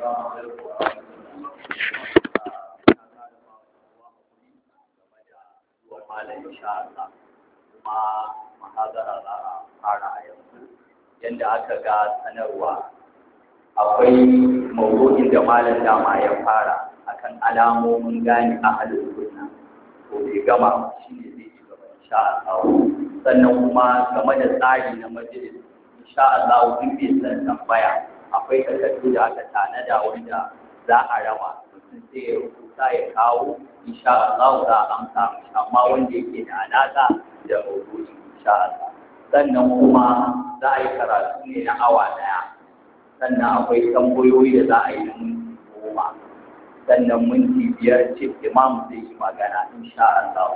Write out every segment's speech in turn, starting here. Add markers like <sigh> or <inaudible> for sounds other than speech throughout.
kuma mahazara za fara a yanzu yadda aka ga sanarwa akwai mawuyin da malam dama ya fara akan alamomin gane a halin sunna ko bai gama shi ne zai ci gaba insha Allah sannan kuma game da tsari na majalis insha Allah duk bai san tambaya akwai takardu da aka tanada wanda za a rama. mutum sai ya rubuta ya kawo insha Allah za a amsa amma wanda yake da alaka da maudu'i insha Allah sannan kuma za a yi karatu ne na awa ɗaya sannan akwai tambayoyi da za a yi mun goma sannan minti biyar ce imam zai yi magana insha Allah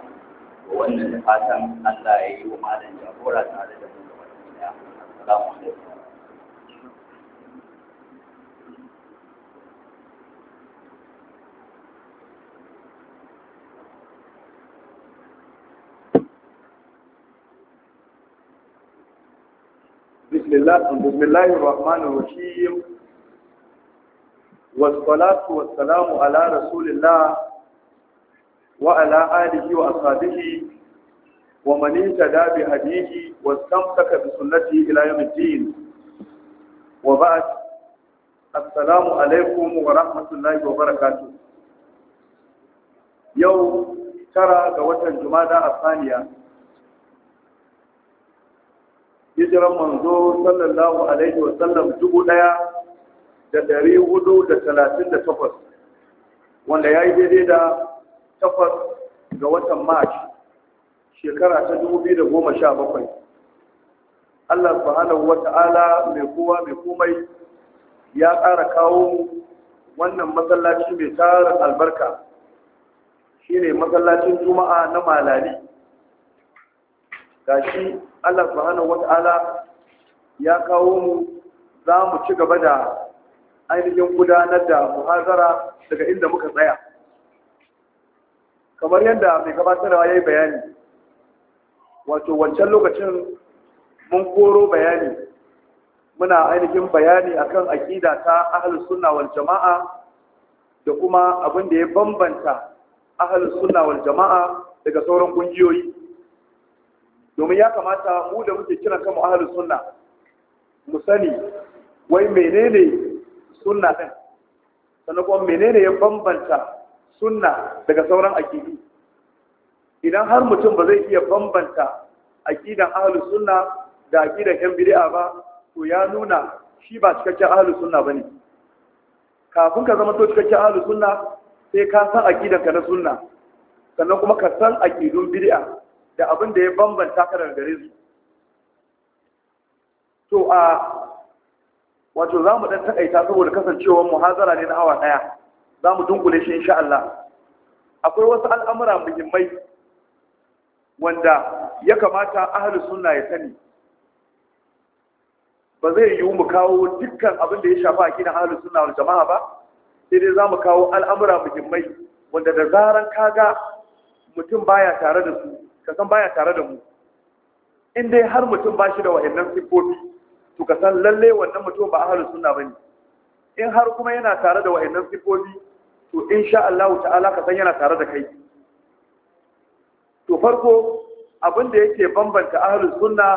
wannan da fatan Allah ya yi wa malam jagora tare da mu da wani assalamu alaikum bismillahir rahmanir rahim والصلاة والسلام على رسول الله وعلى آله وأصحابه ومن اهتدى بهديه واستمسك بسنته إلى يوم الدين وبعد السلام عليكم ورحمة الله وبركاته يوم ترى قوة الجمادة الثانية hijiran manzo sallallahu alaihi wa sallam dubu daya da dari hudu da talatin da takwas wanda ya yi daidai da takwas ga watan march shekara ta dubu biyu da goma sha bakwai allah subhanahu wa ta'ala mai kowa mai komai ya ƙara kawo wannan masallaci mai tarin albarka shine masallacin juma'a na malali gashi Allah subhanahu wata'ala ya kawo mu za mu ci gaba da ainihin gudanar da muhazara daga inda muka tsaya kamar yadda mai gabatarwa ya yi bayani wato wancan lokacin mun koro bayani muna ainihin bayani akan aƙida ta ahlus sunna wal jama'a da kuma abin da ya bambanta ahlus sunna wal jama'a daga sauran kungiyoyi domin ya kamata mu da muke kiran kama ahlus sunna mu sani wai menene sunna din sannan kuma menene ya bambanta sunna daga sauran akidi idan har mutum ba zai iya bambanta aƙidan ahlus sunna da akidan yan bid'a ba to ya nuna shi ba cikakken ahlus sunna bane kafin ka zama to cikakken ahlus sunna sai ka san akidan ka na sunna sannan kuma ka san aƙidun bid'a da abin da ya bambanta ka gare su to a wato za mu ɗan taƙaita saboda kasancewar muhazara ne na awa ɗaya za mu dunkule shi insha Allah akwai wasu al'amura muhimmai wanda ya kamata ahalus sunna ya sani ba zai yiwu mu kawo dukkan abin da ya shafa a gidan ahalus sunna wal jama'a ba sai dai za mu kawo al'amura muhimmai wanda da zaran kaga mutum baya tare da su ka san baya tare da mu in dai har mutum ba shi da wa'annan siffofi to ka san lalle wannan mutum ba ahlus sunna bane in har kuma yana tare da wa'annan siffofi to insha Allah ta'ala ka san yana tare da kai to farko abin da yake bambanta ahlus sunna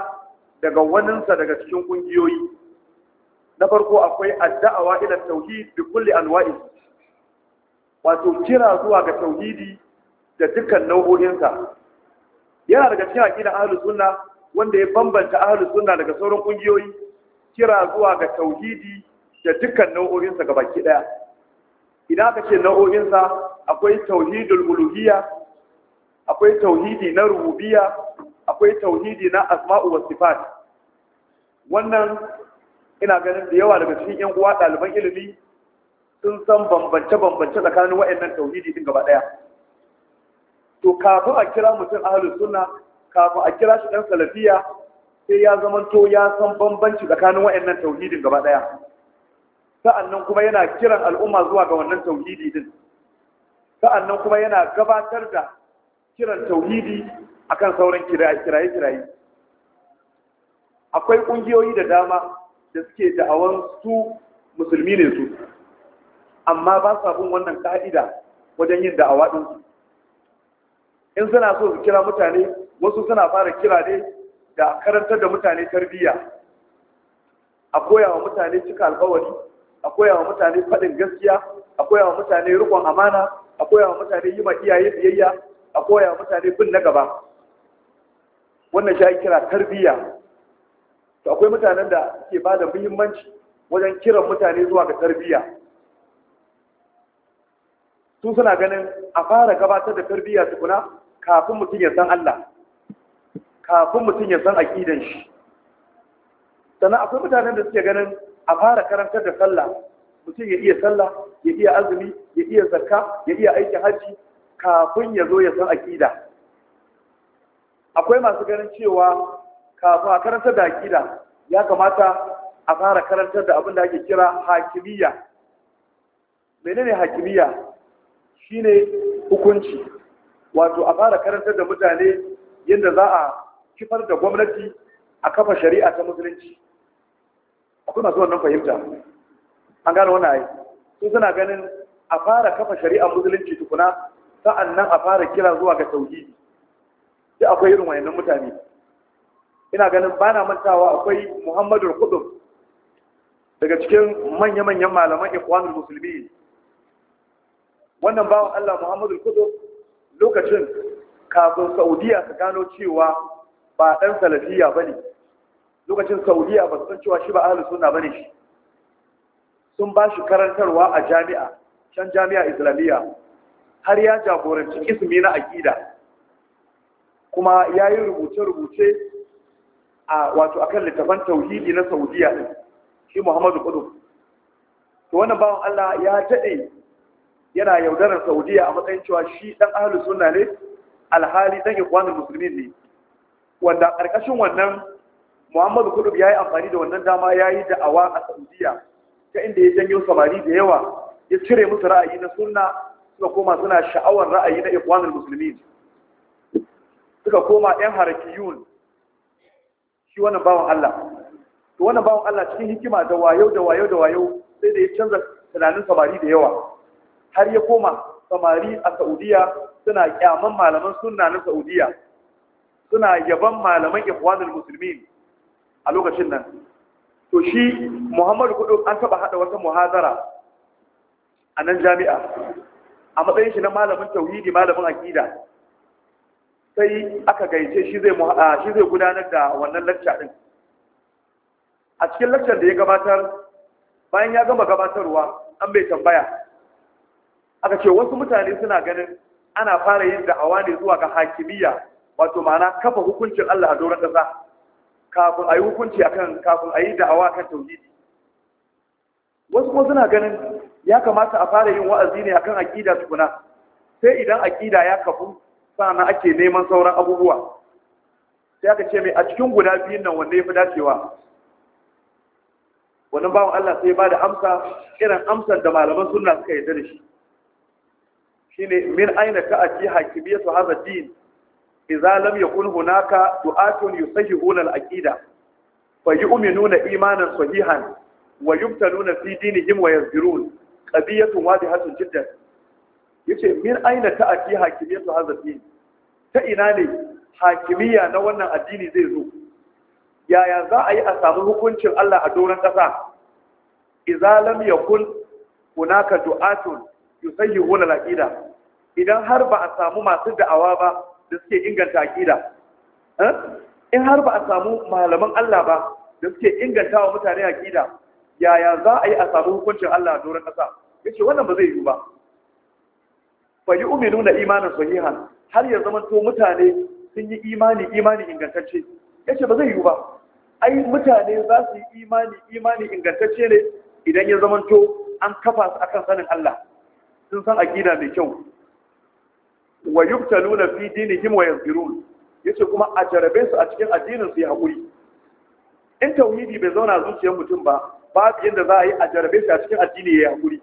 daga waninsa daga cikin kungiyoyi na farko akwai adda'awa ila tauhid bi kulli anwa'i wato kira zuwa ga tauhidi da dukkan nau'o'insa yana daga cikin aqidar ahlus sunna wanda ya bambanta ahlus sunna daga sauran kungiyoyi kira zuwa ga tauhidi da dukkan nau'o'in sa gabaki daya idan aka ce nau'o'in sa akwai tauhidul uluhiyya akwai tauhidi na rububiyya akwai tauhidi na asma'u was sifat wannan ina ganin da yawa daga cikin yan uwa ɗaliban ilimi sun san bambance-bambance tsakanin waɗannan tauhidi din gaba ɗaya to kafin a kira mutum ahlus suna, kafin a kira shi ɗan salafiya sai ya zamanto ya san bambanci tsakanin wayannan tauhidin gaba ɗaya sa'annan kuma yana kiran al'umma zuwa ga wannan tauhidi din sa'annan kuma yana gabatar da kiran tauhidi akan sauran kiraye kiraye akwai ƙungiyoyi da dama da suke da'awan su musulmi ne su amma ba sa bin wannan ka'ida wajen yin da'awa ɗinsu in suna so su kira mutane wasu suna fara kira ne da karantar da mutane tarbiyya a koya mutane cika alkawari a koya mutane faɗin gaskiya a koya mutane rikon amana a koya mutane yi ma iyaye biyayya a koya mutane bin na gaba wannan shi kira tarbiyya to akwai mutanen da ke bada muhimmanci wajen kiran mutane zuwa ga tarbiyya su suna ganin a fara gabatar da tarbiyya tukuna kafin mutum ya san Allah kafin mutum ya san aƙidan shi sannan akwai mutanen da suke ganin a fara karantar da sallah mutum ya iya sallah ya iya azumi ya iya zakka ya iya aikin hajji kafin ya zo ya san aqida akwai masu ganin cewa kafin a karantar da aƙida ya kamata a fara karantar da abin da ake kira hakimiyya menene hakimiyya shine hukunci wato a fara karantar da mutane yadda za a kifar da gwamnati a kafa shari'a ta musulunci Kuna zuwa wannan fahimta an gano wannan ayi sun suna ganin a fara kafa shari'a musulunci tukuna sa'an nan a fara kira zuwa ga tauhidi da akwai irin wayannan mutane ina ganin ba na mantawa akwai muhammadu kudum daga cikin manya-manyan malaman ikwanul musulmi wannan bawan allah muhammadu kudum lokacin kafin saudiya su gano cewa ba ɗan salafiya ba ne lokacin saudiya ba san cewa shi ba ahalus suna ba ne shi sun ba shi karantarwa a jami'a can jami'a islamiyya har ya jagoranci ismi na aƙida kuma ya yi rubuce-rubuce a wato akan littafan tauhidi na saudiya shi muhammadu kudu to wannan bawan allah ya daɗe yana yaudarar saudiya a matsayin cewa shi dan ahalus sunna ne alhali dan ikwanul muslimin ne wanda karkashin wannan muhammadu kudub ya yi amfani da wannan dama ya yi da'awa a saudiya ta inda ya janyo samari da yawa ya cire musu ra'ayi na sunna suka koma suna sha'awar ra'ayi na ikwanul muslimin suka koma yan harakiyun shi wannan bawan Allah to wannan bawan Allah cikin hikima da wayo da wayo da wayo sai da ya canza tunanin samari da yawa har ya koma samari a saudiya suna kyaman malaman sunna na saudiya suna yaban malaman ikhwanul Musulmin a lokacin nan to shi muhammadu kudu an taba hada wata muhadara a nan jami'a a matsayin shi na malamin tauhidi malamin akida sai aka gaice shi zai gudanar da wannan lacca din a cikin lecture da ya gabatar bayan ya gama gabatarwa an bai tambaya aka ce wasu mutane suna ganin ana fara yin da'awa ne zuwa ga hakimiyya wato ma'ana kafa hukuncin Allah a doron ƙasa kafin a yi hukunci akan kafin a yi da'awa kan tauhidi wasu kuma suna ganin ya kamata a fara yin wa'azi ne akan aƙida tukuna sai idan aƙida ya kafu sannan ake neman sauran abubuwa sai aka ce mai a cikin guda biyun nan wanda ya fi dacewa Wani bawan Allah sai ba da amsa irin amsar da malaman sunna suka yarda da shi shine min aina ka ati su hadha din Iza lam yakun hunaka du'atun yusahihuna al aƙida. fa yi yu'minuna imanan sahihan wa yubtaluna fi dinihim wa yazbirun qadiyatun wadihatun jiddan ce min aina ta ati su hadha din ta ina ne hakimiyya na wannan addini zai zo yaya za a yi a samu hukuncin Allah a doron ƙasa Iza lam kun hunaka du'atun yusayi al-aqida idan har ba a samu masu da'awa ba da suke inganta aqida eh? in har ba a samu malaman Allah ba da suke inganta wa mutane aqida yaya za a yi a samu hukuncin Allah a doron ƙasa yace wannan ba zai yiwu ba fa na imanin sahihan har ya zama to mutane sun yi imani imani ingantacce yace ba zai yiwu ba ai mutane za su yi imani imani ingantacce ne idan ya zama to an kafa su akan sanin Allah sun san aqida mai kyau wa yubtaluna fi dinihim wa yazirun yace kuma a jarabe su a cikin addinin su ya hakuri in tauhidi bai zauna zuciyar mutum ba babu yadda za a yi a jarabe shi a cikin addini ya haƙuri. hakuri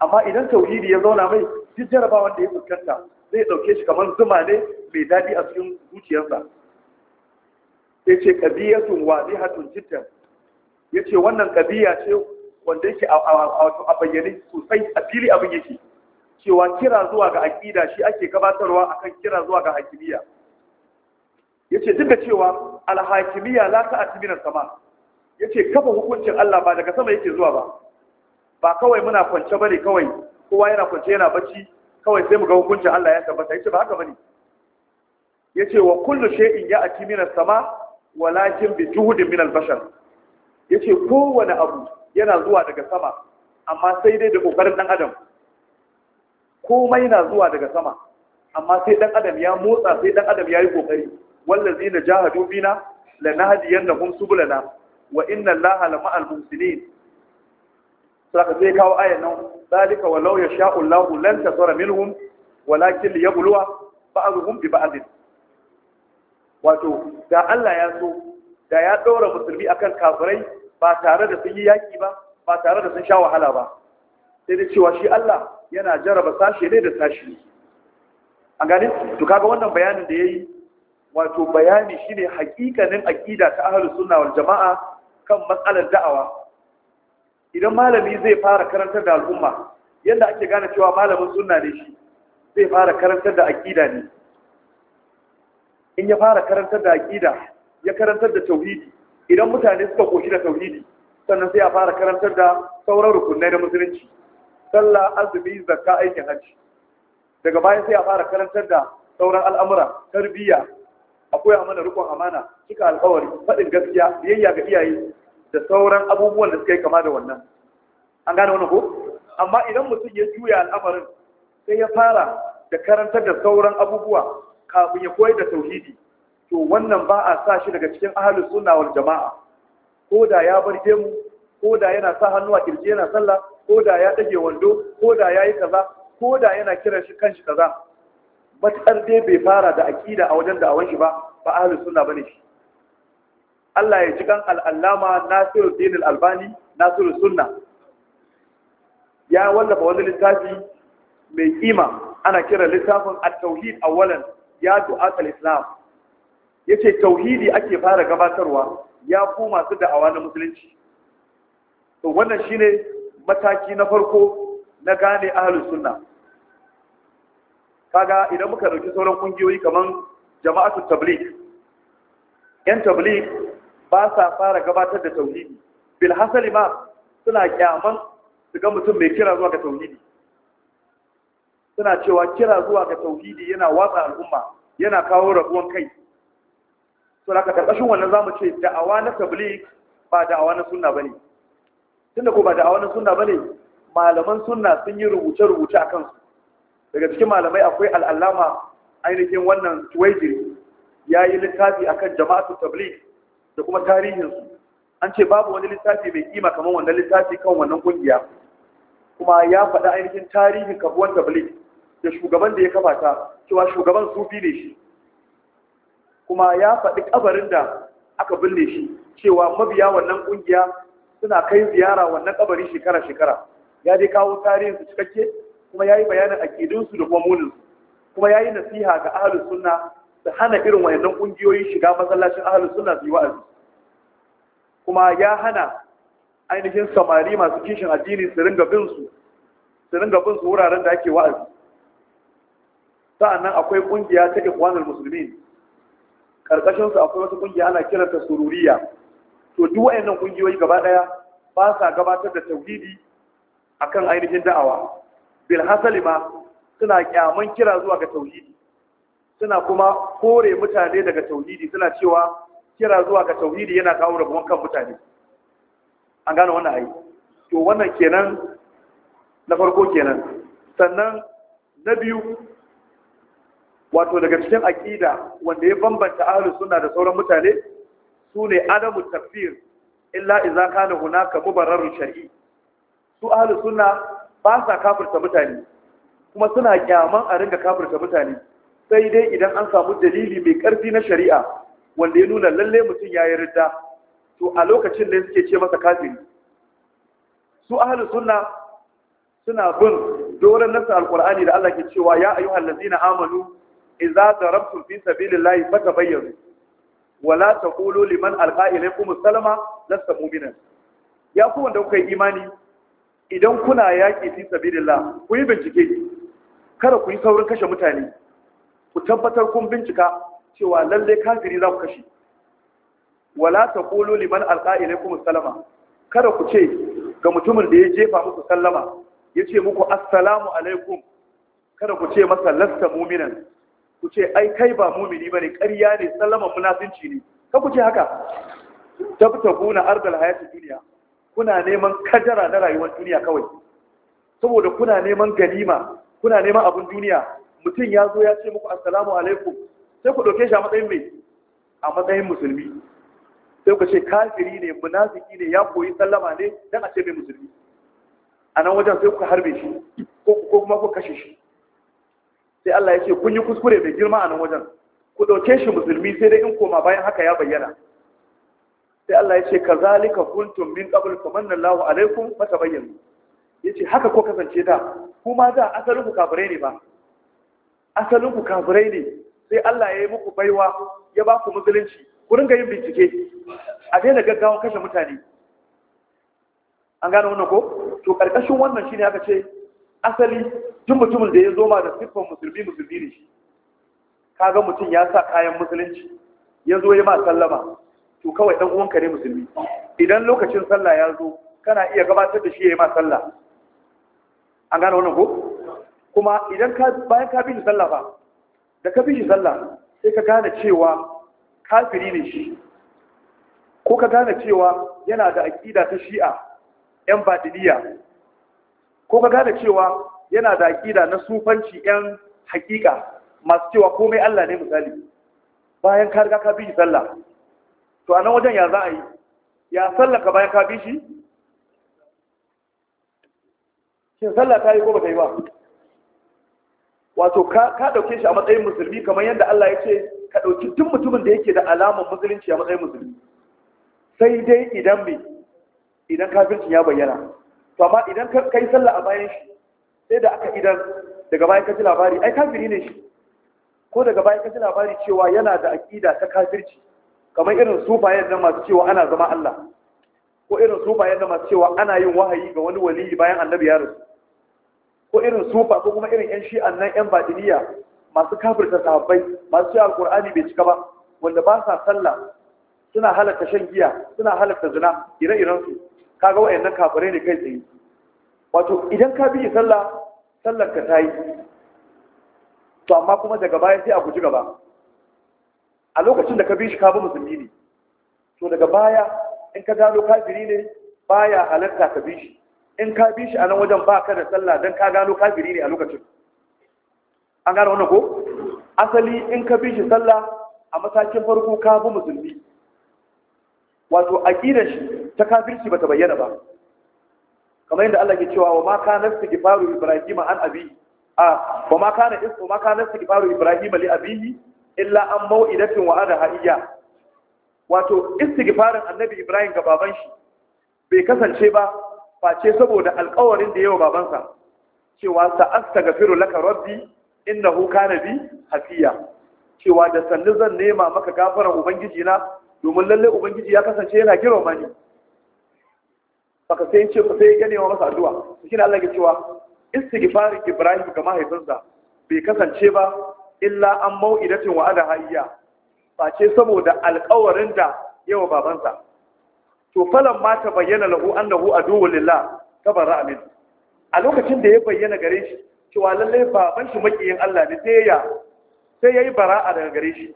amma idan tauhidi ya zauna mai duk jarabawan da ya fuskanta zai dauke shi kamar zuma ne mai daɗi a cikin zuciyarsa yace ce ƙabiyatun wazihatun jiddan ya wannan kabiya ce wanda yake a bayyane sosai a fili abin yake cewa kira zuwa ga aƙida shi ake gabatarwa akan kira zuwa ga hakimiyya ce duk da cewa alhakimiyya la ta'ati min sama Ya ce kafa hukuncin Allah ba daga sama yake zuwa ba ba kawai muna kwance bane kawai kowa yana kwance yana bacci kawai sai mu ga hukuncin Allah ya tabbata ce ba haka Ya ce wa kullu shay'in ya atimina sama walakin bi juhudin min al-bashar yace kowane abu yana zuwa daga sama amma sai dai da ƙoƙarin ɗan adam komai na zuwa daga sama amma sai ɗan adam ya motsa sai ɗan adam yayi kokari wallazina jahadu bina lanahdiyannahum subulana wa inna allaha lama'al muhsinin saka sai kawo ayan nan zalika walau yasha'u allahu lan tasara minhum walakin liyabluwa ba'dhum bi ba'd wato da Allah ya so da ya daura musulmi akan kafirai ba tare da sun yi yaƙi ba ba tare da sun sha wahala ba sai da cewa shi Allah yana jaraba sashe ne da sashi a gane to kaga wannan bayanin da yayi wato bayani shine hakikanin aqida ta ahlus sunna wal jamaa kan matsalar da'awa idan malami zai fara karantar da al'umma yadda ake gane cewa malamin sunna ne shi zai fara karantar da aqida ne in ya fara karantar da aqida ya karantar da tauhidi idan mutane suka koshi da tauhidi sannan sai a fara karantar da sauran rukunai da musulunci sallah azumi zakka aikin hajji daga bayan sai a fara karantar da sauran al'amura tarbiyya akwai mana rikon amana cika alkawari faɗin gaskiya biyayya ga iyaye da sauran abubuwan da suka yi kama da wannan an gane wannan ko amma idan mutum ya juya al'amarin sai ya fara da karantar da sauran abubuwa kafin ya koyar da tauhidi to wannan ba a sa shi daga cikin ahalus sunna wal jama'a ko da ya bar gemu ko da yana sa hannu a kirje yana sallah ko da ya dage wando ko da ya yi kaza ko da yana kiran shi kanshi kaza matsar dai bai fara da aƙida a wajen a shi ba ba ahalus sunna bane shi Allah ya ji kan al'allama Nasiruddin al-Albani Nasiru Sunna ya wallafa wani littafi mai kima ana kiran littafin at-tauhid awwalan ya du'a al-islam ya ce tauhidi ake fara gabatarwa ya ku masu da'awa na musulunci to wannan shine mataki na farko na gane ahlus sunna kaga idan muka dauki sauran kungiyoyi kaman jama'atul tabligh yan tabligh ba sa fara gabatar da tauhidi bil hasali ma suna kyaman su ga mutum mai kira zuwa ga tauhidi suna cewa kira zuwa ga tauhidi yana watsa al'umma yana kawo rabuwan kai so da karkashin wannan za mu ce da'awa na tabligh ba da'awa na suna ba ne. Tun da ko ba da'awa na suna ba ne, malaman suna sun yi rubuce-rubuce a kansu daga cikin malamai akwai al'allama ainihin wannan tuwaijiri ya yi littafi a kan jama'atu tabligh da kuma tarihinsu an ce babu wani littafi mai kima kamar wannan littafi kan wannan ƙungiya. kuma ya faɗa ainihin tarihin kafuwan tabligh da shugaban da ya kafa ta cewa shugaban sufi ne shi kuma ya faɗi kabarin da aka binne shi cewa mabiya wannan ƙungiya suna kai ziyara wannan kabari shekara-shekara ya dai kawo tarihin su cikakke kuma ya yi bayanin aƙidunsu da kuma muninsu kuma ya yi nasiha ga ahalus sunna da hana irin wayannan ƙungiyoyin shiga masallacin ahalus sunna su yi wa'azi kuma ya hana ainihin samari masu kishin addini su ringa bin su wuraren da ake wa'azi sa'annan akwai ƙungiya ta ikhwanul muslimin karkashin su akwai wata kungiya ana kiranta sururiya to duk wayannan kungiyoyi gaba daya ba sa gabatar da tauhidi akan ainihin da'awa bil hasali ma suna kyaman kira zuwa ga tauhidi suna kuma kore mutane daga tauhidi suna cewa kira zuwa ga tauhidi yana kawo rabuwan kan mutane an gane wannan ai to wannan kenan na farko kenan sannan na biyu wato daga cikin aƙida wanda ya bambanta ahalus suna da sauran mutane su ne adamu tafiyar illa idza kana ka mubarrar shari'i su ahalus sunna ba sa kafirta mutane kuma suna kyaman a ringa kafirta mutane sai dai idan an samu dalili mai karfi na shari'a wanda ya nuna lalle mutum ya yi ridda to a lokacin da suke ce masa kafiri su ahalus suna suna bin doron nasa alqur'ani da Allah ke cewa ya ayyuhallazina amanu idza darabtum fi sabilillahi fatabayyanu wala taqulu liman alqa ilaykum salama lasta mu'minan ya ku wanda kuka yi imani idan kuna yaki fi sabilillah ku yi bincike kada ku yi saurin kashe mutane ku tabbatar kun bincika cewa lalle kafiri za ku kashe wala taqulu liman alqa ilaykum salama kada ku ce ga mutumin da ya jefa muku sallama ya ce muku assalamu alaikum kada ku ce masa lasta mu'minan ku ce ai kai ba mumini bane ƙarya ne sallama munafinci ne ka ku ce haka tabtaguna ardal hayati duniya kuna neman kadara na rayuwar duniya kawai saboda kuna neman ganima kuna neman abun duniya mutum ya zo ya ce muku assalamu alaikum sai ku ɗauke shi a matsayin mai a matsayin musulmi sai ku ce kafiri ne munafiki ne ya koyi sallama ne dan a ce mai musulmi a nan wajen sai ku harbe shi ko kuma ku kashe shi sai Allah ya ce kun yi kuskure mai girma a nan wajen ku dauke shi musulmi sai dai in koma bayan haka ya bayyana sai Allah ya ce ka zalika kuntum min qabl manna Allahu alaikum Ya ce haka ko kasance da kuma da asalin ku kafirai ne ba asalin ku kafirai ne sai Allah ya yi muku baiwa ya ba ku musulunci ku ringa yin bincike a daina gaggawa kashe mutane an gane wannan ko to karkashin wannan shine aka ce asali tun mutumin da ya zo ma da siffan musulmi musulmi ne shi kaga mutum ya sa kayan musulunci ya zo ya ma sallama to kawai dan uwanka ne musulmi idan lokacin sallah ya zo kana iya gabatar da shi ya yi ma sallah an gane wannan ko kuma idan ka bayan ka bi shi sallah ba da ka bi shi sallah sai ka gane cewa kafiri ne shi ko ka gane cewa yana da aƙida ta shi'a 'yan badiliya ko ka gane cewa yana da aƙida na sufanci ƴan haƙiƙa masu cewa komai Allah ne misali bayan ka riga ka bi shi sallah to a nan wajen ya za a yi ya sallah ka bayan ka bi shi shin sallah ta yi ko ba ta yi ba wato ka ɗauke shi a matsayin musulmi kamar yadda Allah ya ce ka ɗauki tun mutumin da yake da alamar musulunci a matsayin musulmi sai dai idan me idan kafircin ya bayyana to amma idan ka yi sallah a bayan shi sai da aka idan daga bayan ka ji labari ai kafiri ne shi ko daga bayan ka ji labari cewa yana da aƙida ta kafirci kamar irin sufayen nan masu cewa ana zama Allah ko irin sufayen nan masu cewa ana yin wahayi ga wani waliyi bayan annabi ya rasu ko irin sufa ko kuma irin yan shi'an nan yan batiniya masu kafirta sahabbai masu cewa alqur'ani bai cika ba wanda ba sa sallah suna halatta shan giya suna halatta zina ire-iren su kaga wayannan kafare ne kai tsaye wato idan ka bi sallah sallar ka tayi to amma kuma daga baya sai a guji gaba a lokacin da ka bi shi ka bi musulmi ne to daga baya in ka gano kafiri ne baya halarta ka bi shi in ka bi shi a nan wajen ba ka da sallah don ka gano kafiri ne a lokacin an gano wannan ko asali in ka bi shi sallah a matakin farko ka bi musulmi wato aqidar shi ta kafirci bata bayyana ba kamar yadda Allah ke cewa wa ma kana istighfaru ibrahim an abi a wa ma kana istu ma kana istighfaru ibrahim li abihi illa an mau'idatin wa ada hayya wato istighfarin annabi ibrahim ga baban shi bai kasance ba face saboda alƙawarin da wa babansa cewa sa astaghfiru laka rabbi innahu kana bi hafiya cewa da sannu zan nema maka gafaran ubangiji na domin lalle ubangiji ya kasance yana girma mani baka sai ce ku sai wa masa addu'a shi ne Allah ke cewa istighfar Ibrahim ga mahaifinsa bai kasance ba illa an mau'idatin ada hayya face saboda alƙawarin da yawa babansa to falan ma ta bayyana lahu annahu aduwwu lillah tabarra amin a lokacin da ya bayyana gare shi cewa lallai baban shi makiyin Allah ne sai ya sai yayi bara'a daga gare shi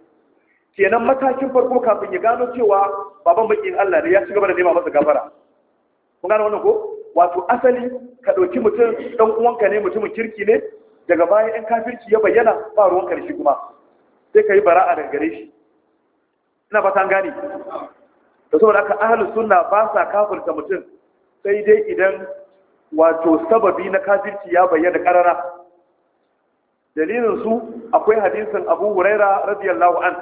kenan matakin farko kafin ya gano cewa baban makiyin Allah ne ya ci gaba da nema masa gafara kun gane wannan ko wato asali ka ɗauki mutum ɗan uwanka ne mutumin kirki ne daga baya in kafirci ya bayyana ba ruwan karshe kuma sai ka yi bara daga gare shi ina ba san gane da saboda aka ahalus sunna ba sa kafirta mutum sai dai idan wato sababi na kafirci ya bayyana karara dalilin su akwai hadisin Abu Huraira radiyallahu an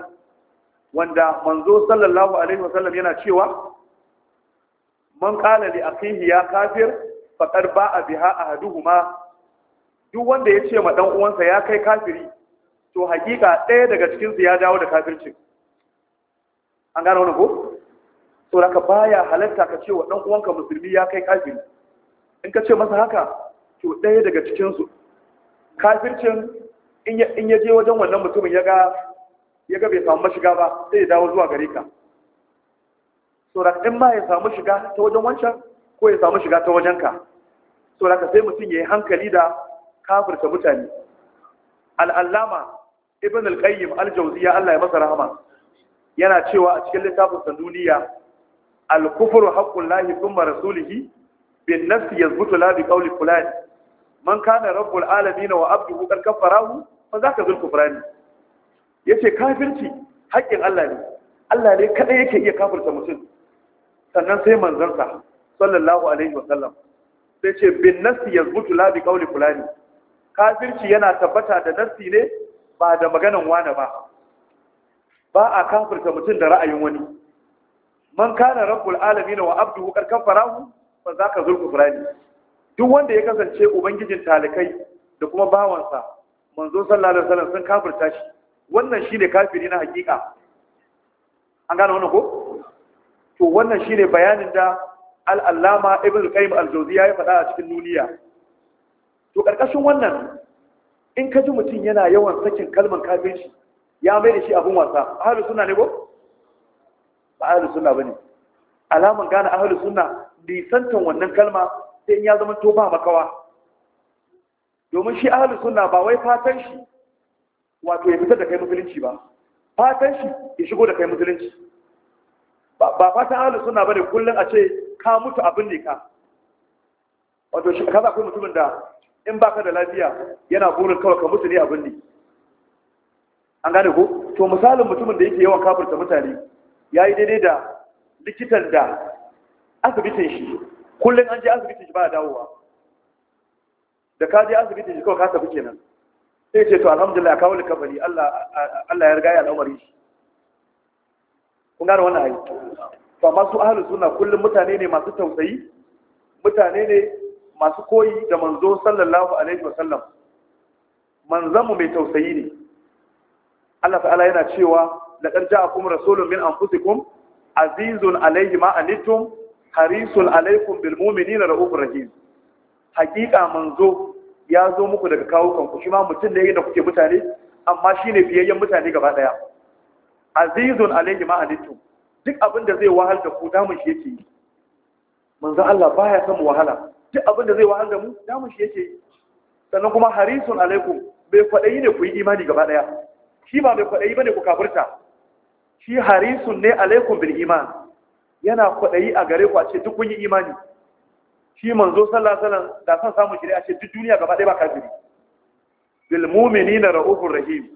wanda manzo sallallahu alaihi wasallam yana cewa man kala li akhihi ya kafir faqad ba'a biha ahaduhuma duk wanda ya ce ma dan uwansa ya kai kafiri to hakika ɗaya daga cikin su ya dawo da kafircin an gane wannan ko to raka baya halatta ka ce wa dan uwanka musulmi ya kai kafiri in ka ce masa haka to ɗaya daga cikin su kafircin in ya je wajen wannan mutumin ya ga bai samu mashiga ba sai ya dawo zuwa gare ka saboda in ma ya samu shiga ta wajen wancan ko ya samu shiga ta wajen ka saboda ka sai mutum ya yi hankali da kafirta mutane al'allama ibn al-qayyim al-jawziya Allah ya masa rahama yana cewa a cikin littafin sanduniya al-kufru haqqul lahi thumma rasulihi bin nafsi yazbutu la bi qawli fulan man kana rabbul alamin wa abduhu qad kafarahu fa zaka zul kufrani yace kafirci haƙƙin Allah ne Allah ne kaɗai yake iya kafirta mutum sannan sai manzansa sallallahu alaihi wasallam sai ce bin nasi yazbutu la bi qawli fulani kafirci yana tabbata da nassi ne ba da maganan wani ba ba a kafirta mutum da ra'ayin wani man kana rabbul alamin wa abduhu kar kafarahu fa zaka zulku fulani duk wanda ya kasance ubangijin talikai da kuma bawansa manzo sallallahu alaihi wasallam sun kafirta shi wannan shine kafiri na hakika an gane wannan ko to wannan shine bayanin da al-allama ibn qayyim al-jawziya ya faɗa a cikin duniya to karkashin wannan in ka ji mutum yana yawan sakin kalmar kafin shi ya mai da shi abin wasa ahlus sunna ne ko ba sunna bane alaman gane ahlus sunna lisantan wannan kalma sai in ya zama to ba makawa domin shi ahlus sunna ba wai fatan shi wato ya fitar da kai musulunci ba fatan shi ya shigo da kai musulunci ba fatan ahalus ba bane kullum a ce ka mutu abin ne ka wato shi ka akwai mutumin da in baka da lafiya yana burin kawai ka mutu ne abin ne an gane ko to misalin mutumin da yake yawan kafirta mutane ya yi daidai da likitan da asibitin shi kullum an je asibitin shi ba dawowa da ka je asibitin shi kawai ka tafi kenan sai ce to alhamdulillah kawo likabari Allah ya riga ya al'amari shi kun gane wannan ayi to amma su ahlus sunna kullum mutane ne masu tausayi mutane ne masu koyi da manzo sallallahu alaihi wasallam manzamu mai tausayi ne Allah ta'ala yana cewa laqad ja'akum rasulun min anfusikum azizun alayhi ma anittum harisun alaykum bil mu'minina raufur rahim haqiqa manzo ya zo muku daga kawo kanku shi ma mutum ne da kuke mutane amma shine biyayyen mutane gaba daya azizun alaihi ma duk abin da zai wahal da ku damun shi yake yi manzo Allah baya san wahala duk abin da zai wahal da mu damun shi yake yi sannan kuma harisun alaikum bai kwadayi ne ku yi imani gaba daya shi ba bai kwadayi bane ku kafirta shi harisun ne alaikum bil iman yana kwadayi a gare ku a ce duk kun yi imani shi manzo sallallahu alaihi wasallam da san samu shi a ce duk duniya gaba daya ba kafiri bil mu'minina ra'ufur rahim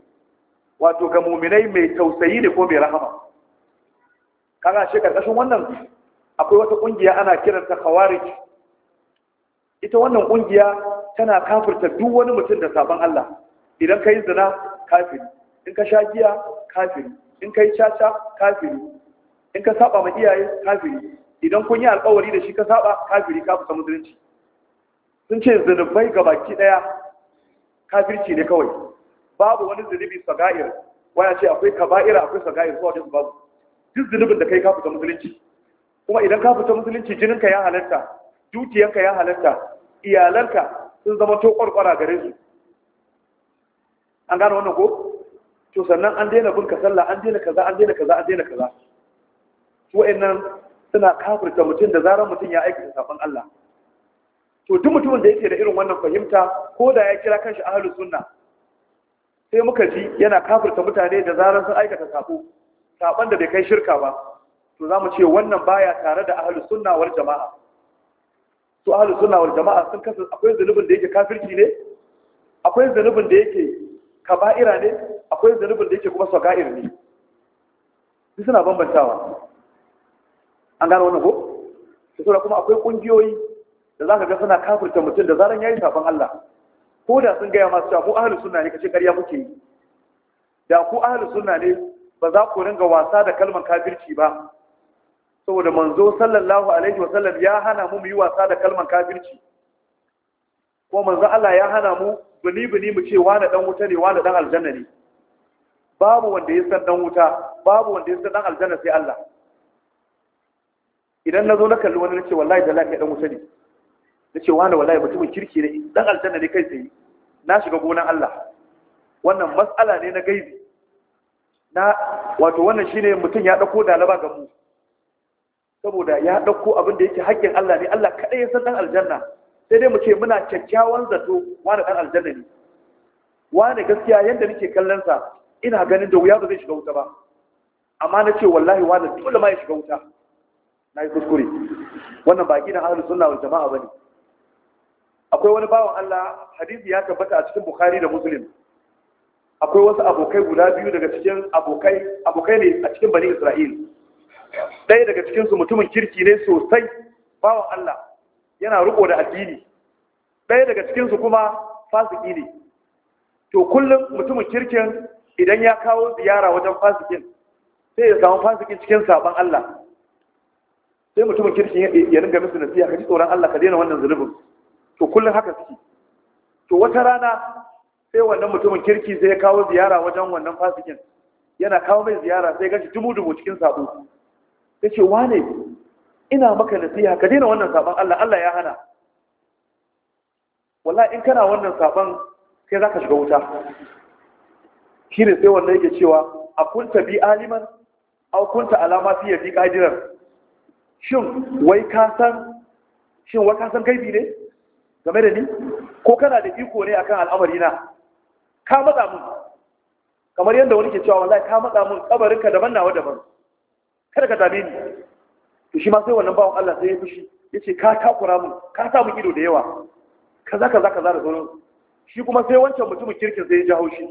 wato ga muminai mai tausayi ne ko mai rahama kaga shi karkashin wannan akwai wata kungiya ana kiranta khawarij ita wannan kungiya tana kafirta duk wani mutum da sabon Allah idan kai zina kafiri in ka sha giya kafiri in kai caca kafiri in ka saba ma iyaye kafiri idan kun yi alƙawari da shi ka saba kafiri ka fita musulunci sun ce zunubai ga baki daya kafirci ne kawai babu wani zunubi saga'ir waya ce akwai kaba'ira akwai saga'ir ko wajen babu duk zunubin da kai ka fita musulunci kuma idan ka fita musulunci jininka ya halarta dukiyanka ya halarta iyalanka sun zama to kwarkwara gare su an gane wannan ko to sannan an daina bin ka sallah an daina kaza an daina kaza an daina kaza su wa'annan suna kafirta mutum da zarar mutum ya aikata sabon Allah to duk mutumin da yake da irin wannan fahimta ko da ya kira kanshi ahlus sunna sai muka ji yana kafirta mutane da zarar sun aikata sako saban da bai kai shirka ba to za mu ce wannan baya tare da ahlus sunna wal jama'a to ahlus sunna wal jama'a sun kasa akwai zunubin da yake kafirci ne akwai zunubin da yake kaba'ira ne akwai zunubin da yake kuma sagair ne su suna bambantawa an gano wannan ko to kuma akwai kungiyoyi da zaka ga suna kafirta mutum da ya yi sabon Allah ko da sun gaya masu cewa mu ahlus sunna ne kace ƙarya muke yi da ku ahlus sunna ne ba za ku ringa wasa da kalmar kafirci ba saboda manzo sallallahu alaihi wa sallam ya hana mu mu yi wasa da kalmar kafirci ko manzo Allah ya hana mu bini bini mu ce wani dan wuta ne wani dan aljanna ne babu wanda ya san dan wuta babu wanda ya san dan aljanna sai Allah idan nazo na kalli wani nace wallahi da lafiya dan wuta ne na ce wani wallahi mutumin kirki ne dan aljanna ne kai tsaye na shiga gonan Allah wannan mas'ala ne na gaibi na wato wannan shine mutum ya dauko dalaba ga mu saboda ya dauko abin da yake haƙƙin Allah ne Allah kadai ya san dan aljanna sai dai mu ce muna kyakkyawan zato wani dan aljanna ne wani gaskiya yanda nake kallon sa ina ganin da wuya ba zai shiga wuta ba amma na ce wallahi wani dole ma ya shiga wuta na yi kuskure wannan baki na ahlus sunna wal jama'a bane akwai wani bawan Allah hadisi ya tabbata a cikin Bukhari da Muslim akwai wasu abokai guda biyu daga cikin abokai abokai ne a cikin Bani Isra'il ɗaya daga cikin su mutumin kirki ne sosai bawan Allah yana riko da addini ɗaya daga cikin su kuma fasiki ne to kullum mutumin kirkin idan ya kawo ziyara wajen fasikin sai ya samu fasikin cikin saban Allah sai mutumin kirkin ya ringa musu nasiha ka ji tsoron Allah ka daina wannan zulubin to kullum haka suke to wata rana sai wannan mutumin kirki sai ya kawo ziyara wajen wannan fasikin yana kawo mai ziyara sai gashi dubu dubu cikin sabo ta ce wane ina maka nasiha ka daina wannan saban Allah Allah ya hana wallahi in kana wannan saban kai zaka shiga wuta shi ne sai wannan yake cewa a kunta bi aliman aw kunta alama fi yabi qadiran shin wai ka san shin wai ka san gaibi ne game da ni ko kana da iko ne akan al'amari na ka matsa mun kamar yadda wani ke cewa wallahi ka matsa mun kabarin ka daban nawa daban kada ka dame ni to shi ma sai wannan bawon Allah sai ya fushi yace ka takura mun ka sa mun ido da yawa kaza kaza kaza da sauran shi kuma sai wancan mutumin kirkin sai ya ji haushi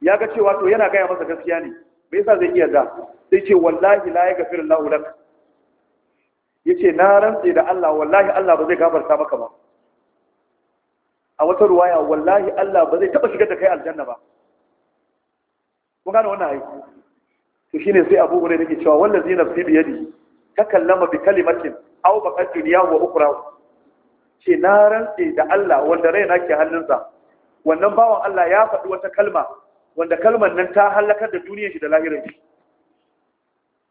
ya ga cewa to yana gaya masa gaskiya ne me yasa zai iya da sai ce wallahi la yaghfiru lahu lak yace na rantse da Allah wallahi Allah ba zai gafarta maka ba a wata ruwaya wallahi Allah ba zai taba shigar da kai aljanna ba kun gane wannan ayi to shine sai Abu Hurairah yake cewa wallazi nafsi bi yadi takallama bi kalimatin aw baqat dunya wa ukhra ce na rantse da Allah wanda raina ke hannunsa wannan bawan Allah ya faɗi wata kalma wanda kalmar nan ta halakar da duniyar shi da lahirar shi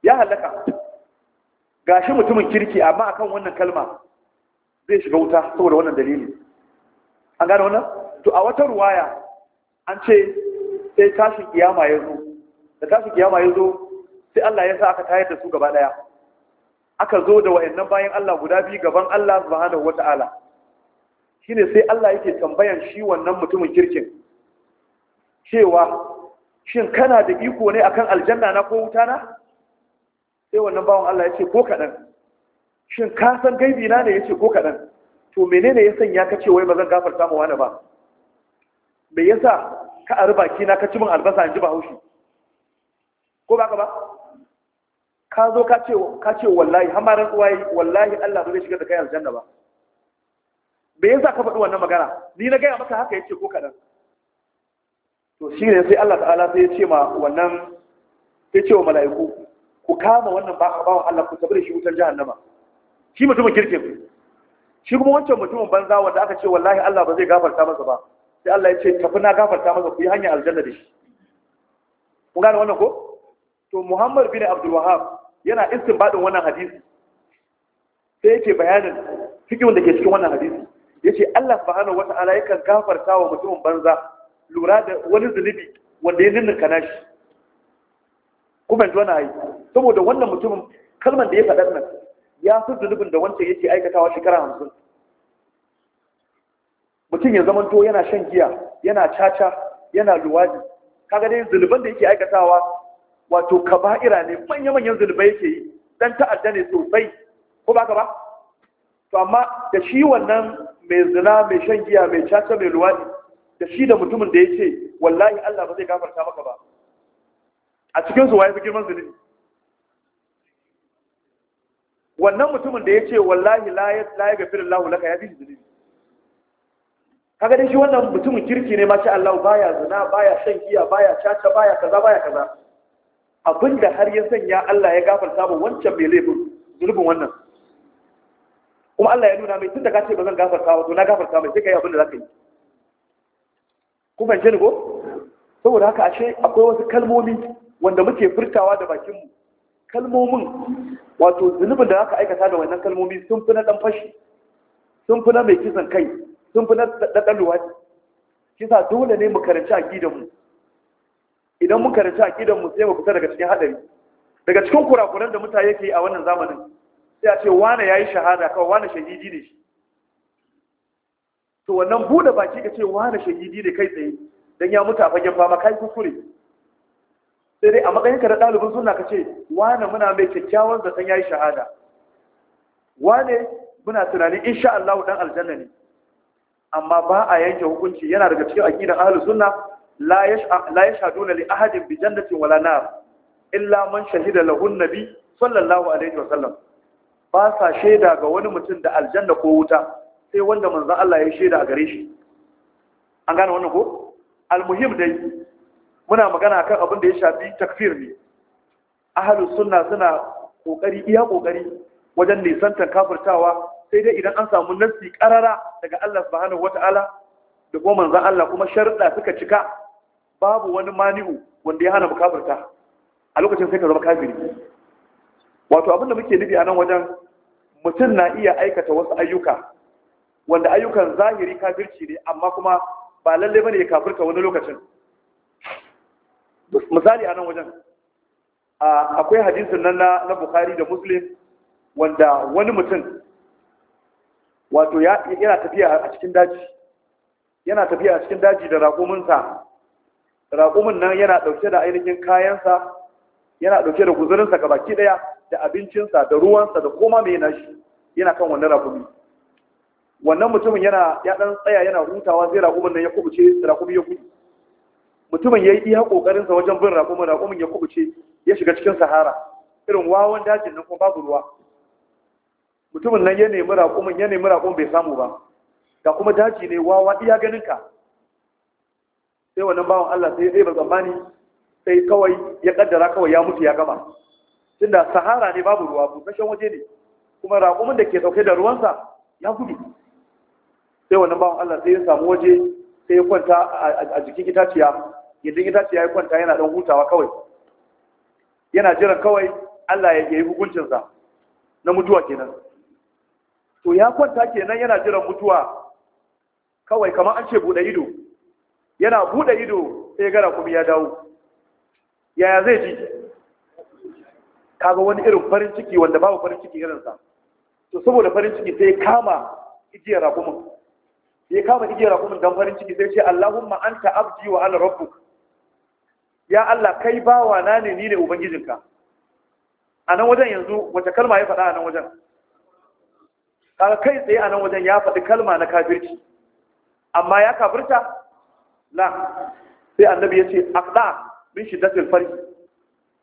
ya halaka Ga shi mutumin kirki amma akan wannan kalma zai shiga wuta saboda wannan dalili an gane wannan to a wata ruwaya an ce sai tashin kiyama ya zo da tashin kiyama ya zo sai Allah ya sa aka tayar da su gaba daya aka zo da wayannan bayan Allah guda biyu gaban Allah subhanahu wataala shine sai Allah yake tambayan shi wannan mutumin kirkin cewa shin kana da iko ne akan aljanna na ko wuta na sai wannan bawan Allah ya ce ko kaɗan shin ka san gaibi na ne ya ce ko kaɗan to menene ya sanya ka ce wai ba zan gafarta ma wani ba me yasa ka a riba kina ka ci min albasa in ji ba haushi ko ba ka ba ka zo ka ce ka ce wallahi har ma ran uwaye wallahi Allah ba zai shiga da kai aljanna ba me yasa ka faɗi wannan magana ni na gaya maka haka ya ce ko kaɗan to ne sai Allah ta'ala sai ya ce ma wannan sai ce wa mala'iku ku kama wannan bawan Allah ku tabbata shi wutar jahannama shi mutumin kirkin shi kuma wancan mutumin banza wanda aka ce wallahi Allah ba zai gafarta masa ba sai Allah ya ce tafi na gafarta masa ku yi hanyar aljanna da shi Ku gane wannan ko to Muhammad bin Abdul Wahhab yana istinbadin wannan hadisi sai yake bayanin cikin wanda ke cikin wannan hadisi yace Allah subhanahu wata'ala yakan gafarta wa mutumin banza lura da wani zunubi wanda ya ninninka nashi kuma yanzu wani saboda wannan mutumin kalmar da ya faɗar nan ya fi zunubin da wancan yake aikatawa shekara hamsin mutum ya zama to yana shan giya yana caca yana luwadi kaga dai zunuban da yake aikatawa wato kaba'ira ne manya-manyan zunuba yake yi dan ta'adda ne sosai ko ba ka ba to amma da shi wannan mai zina mai shan giya mai caca mai luwadi da shi da mutumin da ya ce wallahi Allah ba zai gafarta maka ba a cikin su waye fi girman zunubi wannan mutumin da ya ce wallahi la ya gafirin lahu laka ya fi zunubi kaga dai shi wannan mutumin kirki ne masha Allah baya zina baya shan giya baya caca baya kaza baya kaza abinda har ya sanya Allah ya gafarta mu wancan mai laifin zulubin wannan kuma Allah ya nuna mai tunda ka ce ba zan gafarta ba to na gafarta mai sai kai abin da zaka yi ku fahimce ni ko saboda haka ashe akwai wasu kalmomi wanda muke furtawa da bakinmu kalmomin wato zunubin da aka aikata da wannan kalmomi sun fi na dan fashi sun fi na mai kisan kai sun fi na ɗaɗɗan luwaɗi kisa dole ne mu karanci aƙidanmu idan mun karanci aƙidanmu sai mu fita daga cikin haɗari daga cikin kurakuran da mutane yake a wannan zamanin sai a ce wane ya yi shahada kawai wane shahidi ne shi to wannan buɗe baki ka ce wane shahidi ne kai tsaye don ya mutu a fagen fama kai kuskure sai dai a matsayin ka da ɗalibin suna ka ce wane muna mai kyakkyawan zaton yi shahada wane muna tunanin insha Allah dan aljanna ne amma ba a yanke hukunci yana daga cikin aqidan ahlus sunna la yashhaduna li ahadin bi jannatin wala nar illa man shahida lahu nabi sallallahu alaihi wa sallam. ba sa shaida ga wani mutum da aljanna ko wuta sai wanda manzon Allah ya shaida a gare shi an gane wannan ko almuhim dai muna magana kan abin da ya shafi takfir ne ahalus sunna suna kokari iya kokari wajen nisantar kafirtawa sai dai idan an samu nassi karara daga Allah subhanahu wata'ala da kuma manzon Allah kuma sharuɗa suka cika babu wani mani'u wanda ya hana kafirta a lokacin sai ka zama kafiri wato abin da muke nufi a nan wajen mutum na iya aikata wasu ayyuka wanda ayyukan zahiri kafirci ne amma kuma ba lallai bane ya kafirta wani lokacin misali a nan wajen akwai hadisun nan na Bukhari da Muslim wanda wani mutum wato yana tafiya a cikin daji yana tafiya a cikin daji da raƙuminsa raƙumin nan yana ɗauke da ainihin kayansa yana ɗauke da guzurinsa ga baki ɗaya da abincinsa da ruwansa da koma mai nashi yana kan wannan raƙumi wannan mutumin yana ya ɗan tsaya yana hutawa sai raƙumin nan ya kubuce raƙumi ya gudu mutumin ya yi iya ƙoƙarinsa wajen bin raƙumin raƙumin ya kubuce ya shiga cikin sahara irin wawan dajin nan kuma babu ruwa mutumin nan ya nemi raƙumin ya nemi raƙumin bai samu ba ga kuma daji ne wawa iya ganin ka sai wannan bawan Allah sai ya ba tsammani sai kawai ya kaddara kawai ya mutu ya gama tunda sahara ne babu ruwa busasshen waje ne kuma raƙumin da ke sauke da ruwansa ya gudu sai wannan bawan Allah sai ya samu waje sai ya kwanta a jikin itaciya idan itace ya yi kwanta yana dan hutawa kawai yana jiran kawai Allah ya yi hukuncinsa na mutuwa kenan to ya kwanta kenan yana jiran mutuwa kawai kamar an ce buɗe ido yana buɗe ido sai gara kuma ya dawo yaya zai ji kaga wani irin farin ciki wanda babu farin ciki irinsa to saboda farin ciki sai kama igiyar rakumin ya kama igiyar rakumin don farin ciki sai ce Allahumma anta abdi wa ana rabbuka ya Allah kai bawa na ne ni ne ubangijinka a nan wajen yanzu wata kalma ya faɗa a nan wajen kaga kai tsaye a nan wajen ya faɗi kalma na kafirci amma ya kafirta la sai annabi ya ce aqda min shiddatil farj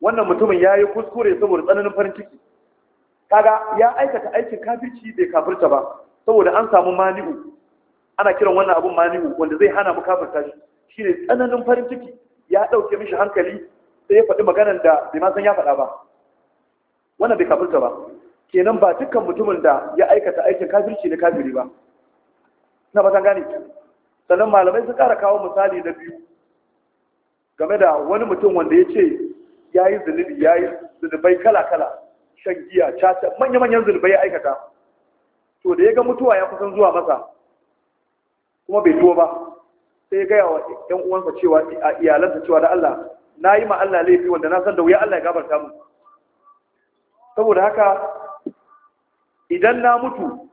wannan mutumin yayi kuskure saboda tsananin farin ciki kaga ya aikata aikin kafirci bai kafirta ba saboda an samu mani'u ana kiran wannan abun mani'u wanda zai hana mu kafirta shi shine tsananin farin ciki ya ɗauke mishi hankali sai ya faɗi maganar da bai ma san ya faɗa ba wannan bai kafirta ba kenan ba dukkan mutumin da ya aikata aikin kafirci ne kafiri ba na ba gane sannan malamai sun ƙara kawo misali na biyu game da wani mutum wanda ya ce ya yi zunubi ya yi zunubai kala-kala shan giya caca manya-manyan zunubai ya aikata to da ya ga mutuwa ya kusan zuwa masa kuma bai tuwo ba sai ya gaya wa ɗan uwansa cewa a iyalansa cewa da Allah na yi ma Allah laifi wanda na san da wuya Allah ya gabarta mu saboda haka idan na mutu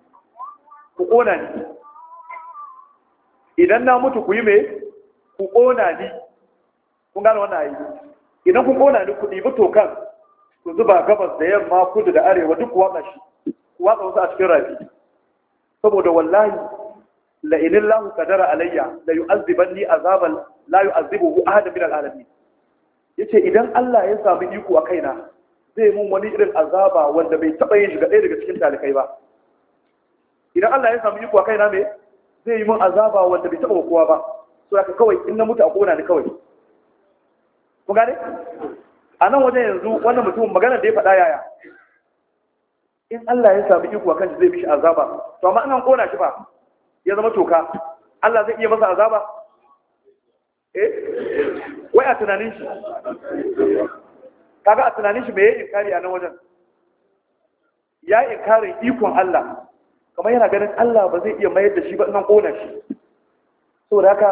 ku ƙona ni idan na mutu ku yi me ku ƙona ni kun gane wannan ayi idan ku ƙona ni ku ɗibi tokan ku zuba gabas da yamma kudu da arewa duk ku watsa shi ku watsa wasu a cikin rafi saboda wallahi la in qadara alayya la yu'azzibanni azaban la yu'azzibuhu ahad min al-alamin yace idan Allah ya samu iko a kaina zai mun wani irin azaba wanda bai taba yin shiga ɗaya daga cikin talikai ba idan Allah ya samu iko a kaina me zai yi mun azaba wanda bai taba kowa ba so haka kawai in na mutu a kona ni kawai ku gane a nan wajen yanzu wannan mutum magana da ya faɗa yaya in Allah ya samu iko a kan zai bishi azaba to amma an kona shi ba ya zama toka Allah zai iya masa azaba eh wai a tunanin shi kaga a tunanin shi me inkari a nan wajen ya inkari ikon Allah kamar yana ganin Allah ba zai iya mayar da shi ba nan kona shi saboda haka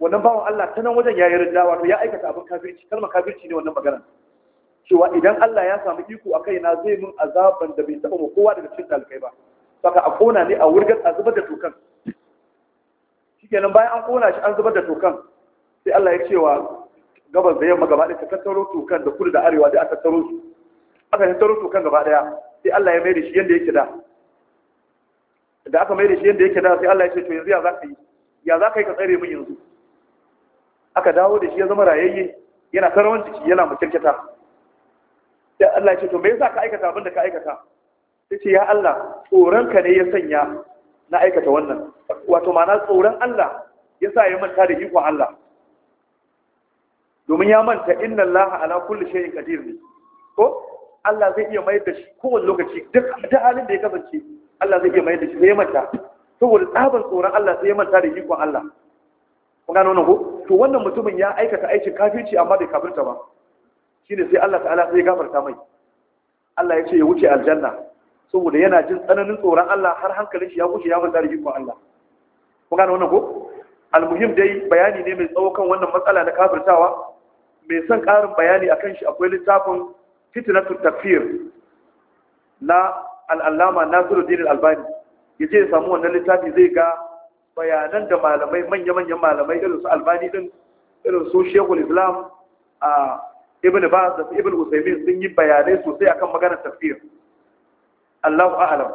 wannan bawon Allah ta nan wajen ya yi rinda wato ya aikata abin kafirci kalmar kafirci ne wannan magana cewa idan Allah ya samu iko a kaina zai mun azaban da bai taɓa kowa daga cikin dalkai ba saka a kona ne a wurgar a zubar da tokan shikenan bayan an kona shi an zubar da tokan sai Allah ya cewa gabas da yamma gaba ɗaya ta tattaro tokan da kudu da arewa da aka tattaro su aka tattaro tokan gaba ɗaya sai Allah ya mai shi yadda yake da da aka mai shi yadda yake da sai Allah ya ce to yanzu ya za ka yi ya za ka yi ka tsare min yanzu aka dawo da shi ya zama rayayye yana karawan jiki yana mutunta sai Allah ya ce to me yasa ka aikata abin da ka aikata sai ya Allah tsoronka ne ya sanya na aikata wannan wato ma'ana tsoron Allah ya sa ya manta da ikon Allah domin ya manta inna Allah ala kulli shay'in qadir ne ko Allah zai iya mayar da shi kowane lokaci duk da halin da ya kasance Allah zai iya mayar da shi sai ya manta saboda tsaban tsoron Allah sai ya manta da ikon Allah kun gano nan ko to wannan mutumin ya aikata aikin kafirci amma bai kafirta ba shine sai Allah ta'ala sai ya gafarta mai Allah ya ce ya wuce aljanna saboda yana jin tsananin tsoron Allah har hankalin shi ya kushe ya fada da ikon Allah ku gane wannan ko almuhim dai bayani ne mai tsawo kan wannan matsala na kafirtawa mai son karin bayani akan shi akwai littafin fitnatut takfir na al-allama Nasiruddin al-Albani yaje ya samu wannan littafi zai ga bayanan da malamai manya-manyan malamai irin su albani din irin su Sheikhul islam a ibn baz da ibn usaimin sun yi bayanai sosai akan maganar tafiyar Allahu a'lam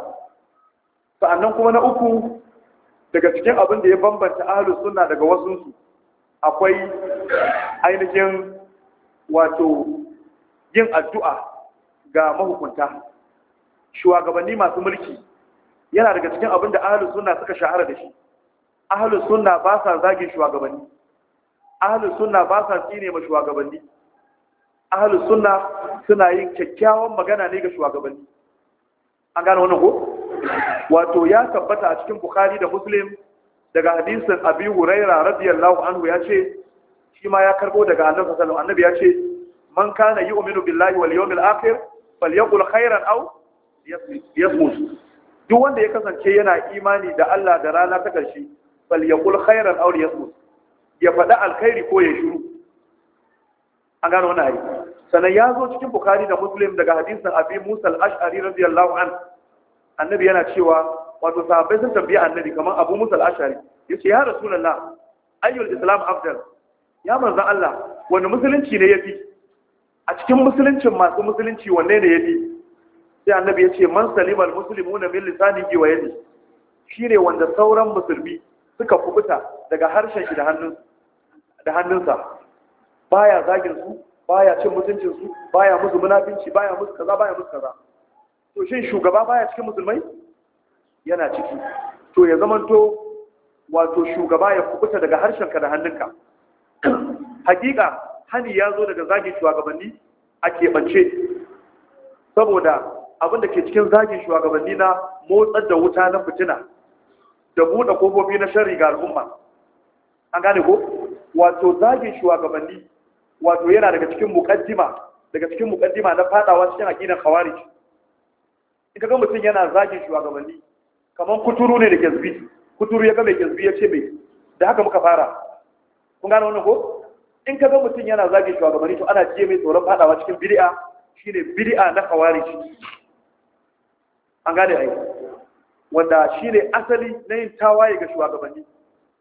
sa'annan kuma na uku daga cikin abin da ya bambanta ahlus sunna daga wasu su, akwai ainihin wato yin addu'a ga mahukunta shugabanni masu mulki yana daga cikin abin da ahlus sunna suka shahara da shi ahlus sunna ba sa zagin shugabanni ahlus sunna ba sa tsine ma shugabanni ahlus sunna suna yin kyakkyawan magana ne ga shugabanni an gano wani ko wato ya tabbata a cikin bukhari da muslim daga hadisin abi huraira radiyallahu anhu ya ce shi ma ya karbo daga annabi sallallahu alaihi annabi ya ce man kana yu'minu billahi wal yawmil akhir falyaqul khairan aw yasmut duk wanda ya kasance yana imani da Allah da rana ta karshe falyaqul khairan aw yasmut ya faɗa alkhairi ko ya shiru an gano wani ayi sannan ya zo cikin bukari da muslim daga hadisin abi musa al-ash'ari radiyallahu an annabi yana cewa wato sahabbai sun tambaye annabi kamar abu musa al-ash'ari yace ya rasulullah ayyul islam afdal ya manzon Allah wani musulunci ne yafi a cikin musuluncin masu musulunci wanne ne yafi sai annabi yace man salimal muslimuna min lisanihi wa yadihi shine wanda sauran musulmi suka kubuta daga harshen shi da hannunsa baya zagin su baya cin mutuncin su baya musu munafinci baya musu kaza baya musu kaza to shin shugaba baya cikin musulmai yana ciki to ya zamanto wato shugaba ya kubuta daga harshenka da hannunka <clears throat> hakika hani ya zo daga zagin shugabanni a keɓance saboda abin da ke cikin zagin shugabanni na motsar da wuta na fitina da buɗe kofofi na shari ga al'umma an gane ko wato zagin shugabanni wato yana daga cikin mukaddima daga cikin mukaddima na fadawa cikin aqidan khawarij in kaga mutum yana zagin shugabanni kaman kuturu ne da kazbi kuturu ya ga mai kazbi ya ce mai da haka muka fara kun gane wannan ko in kaga mutum yana zagin shugabanni to ana jiye mai tsoron fadawa cikin bid'a shine bid'a na khawarij an gane ai wanda shine asali na yin tawaye ga shugabanni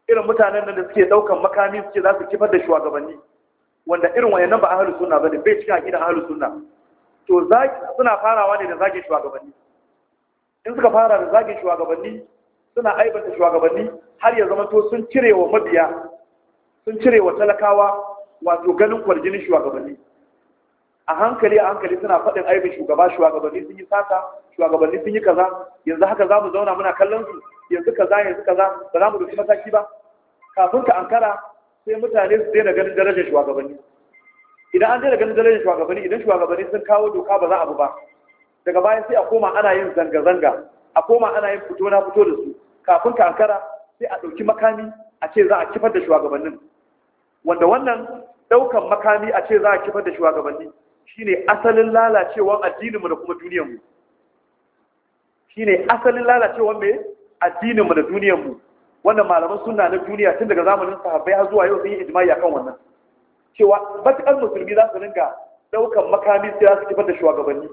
irin mutanen nan da suke daukan makami suke za su kifar da shugabanni wanda irin wayannan ba ahlus sunna bane bai cikin a ahlus sunna to zaki suna farawa ne da zagin shugabanni in suka fara da zagin shugabanni suna aibanta shugabanni har ya zama to sun cire wa mabiya sun cire wa talakawa wato ganin kwarjinin shugabanni a hankali a hankali suna faɗin aibin shugaba shugabanni sun yi sata shugabanni sun yi kaza yanzu haka za mu zauna muna kallon su yanzu kaza yanzu kaza ba za mu dauki mataki ba kafin ka ankara sai mutane su daina ganin darajar shugabanni idan an daina ganin darajar shugabanni idan shugabanni sun kawo doka ba za a bi ba daga baya sai a koma ana yin zanga-zanga a koma ana yin fito na fito da su kafin kankara sai a ɗauki makami a ce za a kifar da shugabannin wanda wannan ɗaukan makami a ce za a kifar da shugabanni shine asalin lalacewar addininmu da kuma duniyarmu shine asalin lalacewar mai addininmu da duniyarmu wannan malaman suna na duniya tun daga zamanin sahabbai har zuwa yau sun yi ijma'i akan wannan cewa matakan musulmi za su rinka daukan makami sai za su kifar da shugabanni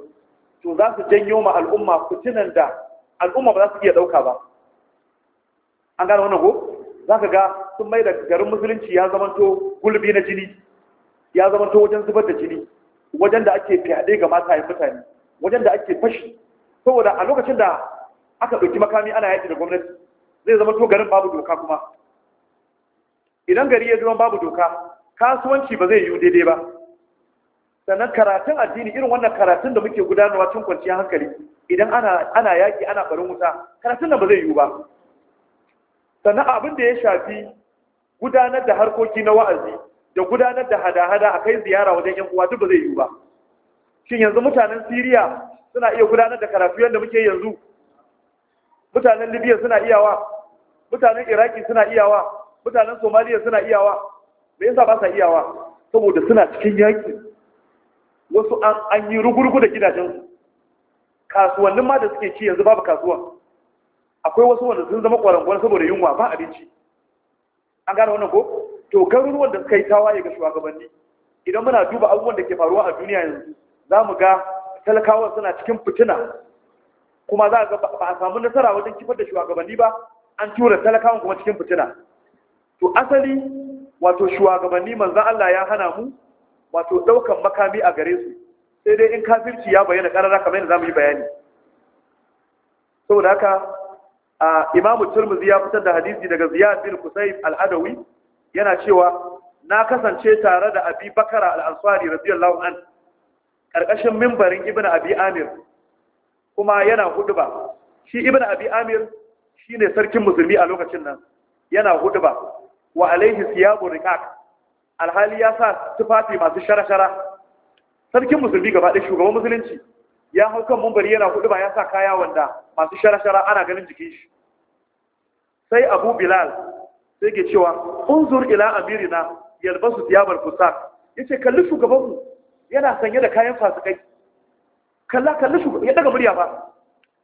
to za su janyo ma al'umma fitinan da al'umma ba za su iya dauka ba an gane wannan ko za ka ga sun mai da garin musulunci ya zamanto gulbi na jini ya zamanto wajen zubar da jini wajen da ake fyaɗe ga matayen mutane wajen da ake fashi saboda a lokacin da aka ɗauki makami ana yaƙi da gwamnati zai zama to garin babu doka kuma idan gari ya zama babu doka kasuwanci ba zai yi daidai ba sannan karatun addini irin wannan karatun da muke gudanarwa cikin kwanciyar hankali idan ana yaƙi ana farin wuta karatun nan ba zai yi ba sannan abin da ya shafi gudanar da harkoki na wa'azi da gudanar da hada-hada a kai ziyara wajen yan uwa duk ba zai yi ba shin yanzu mutanen Siriya suna iya gudanar da karatu yadda muke yanzu mutanen libya suna iyawa mutanen iraki suna iyawa mutanen somaliya suna iyawa me yasa ba sa iyawa saboda suna cikin yaki wasu an yi rugurgu da gidajensu kasuwannin ma da suke ci yanzu babu kasuwa akwai wasu wanda sun zama kwarangwar saboda yunwa ba abinci an gane wannan ko to garuruwan da suka yi tawaye ga shugabanni idan muna duba abubuwan da ke faruwa a duniya yanzu za mu ga talakawa suna cikin fitina kuma za ga ba a samu nasara wajen kifar da shugabanni ba an tura talakawan kuma cikin fitina to asali wato shugabanni manzan Allah ya hana mu wato daukan makami a gare su sai dai in kafirci ya bayyana karara kamar yadda zamu yi bayani saboda haka imamu turmuzi ya fitar da hadisi daga ziyad bin kusayb al-adawi yana cewa na kasance tare da abi bakara al-ansari radiyallahu an karkashin mimbarin ibnu abi amir kuma yana ba shi ibn abi amir shine sarkin musulmi a lokacin nan yana ba wa alaihi siyabu riqaq alhali ya sa tufafi masu shara-shara sarkin musulmi gaba ɗaya shugaban musulunci ya hau kan mumbari yana ba ya sa kaya wanda masu shara-shara ana ganin jikin shi sai abu bilal sai ke cewa unzur ila amirina yalbasu siyabar fusak ce kalli shugabanmu yana sanye da kayan fasikai kalla kalli shugaban ya daga murya ba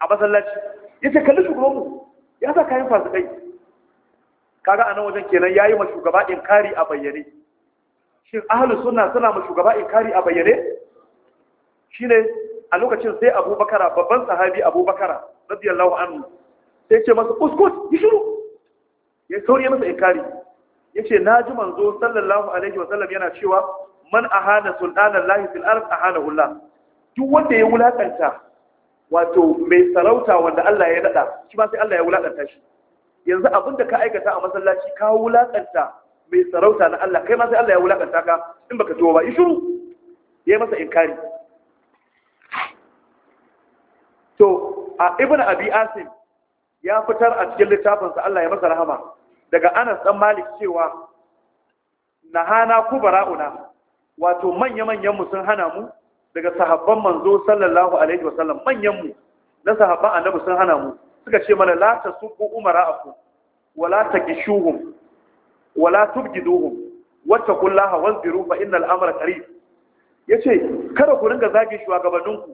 a masallaci ya ce kalli shugaban mu ya sa kayan fasikai kaga a nan wajen kenan ya yi ma shugaba inkari a bayyane shin ahalin suna suna ma shugaba inkari a bayyane shine a lokacin sai abubakar babban sahabi abubakar radiyallahu anhu sai ce masa uskut yi shiru ya sauri masa inkari ya ce na ji manzo sallallahu alaihi wasallam yana cewa man ahana sultanan lahi fil arz ahana hullah duk wanda ya wulakanta wato mai sarauta wanda Allah ya nada shi ma sai Allah ya wulakanta shi yanzu abin da ka aikata a masallaci ka wulakanta mai sarauta na Allah kai ma sai Allah ya wulakanta ka in baka tuwo ba yi shiru ya yi masa inkari to a ibn abi asim ya fitar a cikin littafinsa Allah ya masa rahama daga anas dan malik cewa nahana kubara'una wato manya-manyan mu sun hana mu daga sahabban manzo sallallahu alaihi wasallam manyan mu na sahabban annabi sun hana mu suka ce mana la umara afu wala takishuhum wala tubjiduhum wattaqullaha wasbiru fa innal amra qarib yace kada ku ringa zage shugabanninku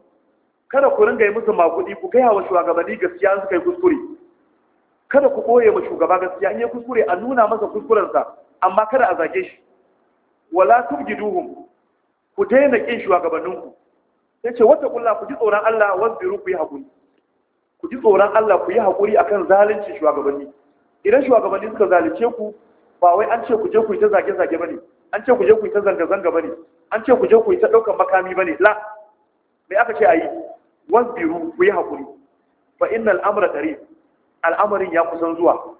kada ku ringa yi musu makudi ku kai hawa shugabanni gaskiya suka kai kuskure kada ku boye ma shugaba gaskiya in ya kuskure a nuna masa kuskurensa amma kada a zage shi wala tubjiduhum ku daina kin shugabanninku yace wata ƙulla ku ji tsoron Allah wasbiru ku yi hakuri ku ji tsoron Allah ku yi hakuri akan zalunci shugabanni idan shugabanni suka zalunce ku ba wai an ce ku je ku yi ta zage zage bane an ce ku je ku yi ta zanga zanga bane an ce ku je ku yi ta ɗaukar makami bane la me aka ce ayi wasbiru ku yi hakuri fa innal amra qarib al'amarin ya kusan zuwa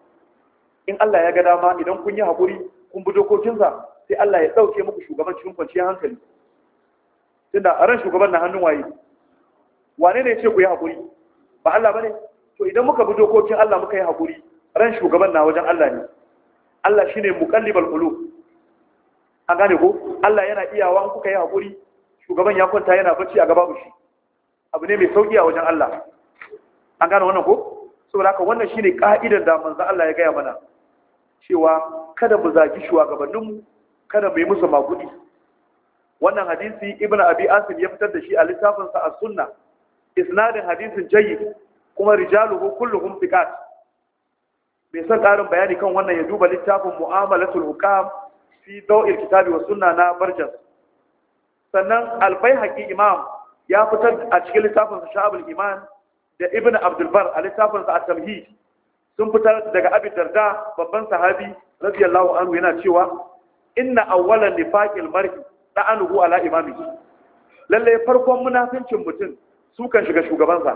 in Allah ya ga dama idan kun yi hakuri kun bi dokokinsa sai Allah ya dauke muku shugabancin kwanciyar hankali tunda a ran shugaban na hannun waye wane ne ce ku yi haƙuri ba Allah ba ne to idan muka bi dokokin Allah muka yi haƙuri ran shugaban na wajen Allah ne Allah shine muqallibal muƙallibal an gane ko Allah yana iyawa an kuka yi haƙuri shugaban ya kwanta yana bacci a gaba shi abu ne mai sauƙi a wajen Allah an gane wannan ko saboda haka wannan shine ka'idar da manzo Allah ya gaya mana cewa kada mu zaki shugabanninmu kada mu yi musu maguɗi wannan hadisi ibn abi asim ya fitar da shi a littafinsa a sunna isnadin hadisin jayyid kuma rijaluhu kulluhum thiqat bai san karin bayani kan wannan ya duba littafin mu'amalatul hukam fi daw'il kitabi wa sunna na barjas sannan al-baihaqi imam ya fitar a cikin littafin sa sha'abul iman da ibn abdul bar a littafin sa at-tamhid sun fitar daga abi darda babban sahabi radiyallahu anhu yana cewa inna awwalan nifaqil mar'i da'anuhu ala imamihi lalle farkon munafincin mutum su kan shiga shugabansa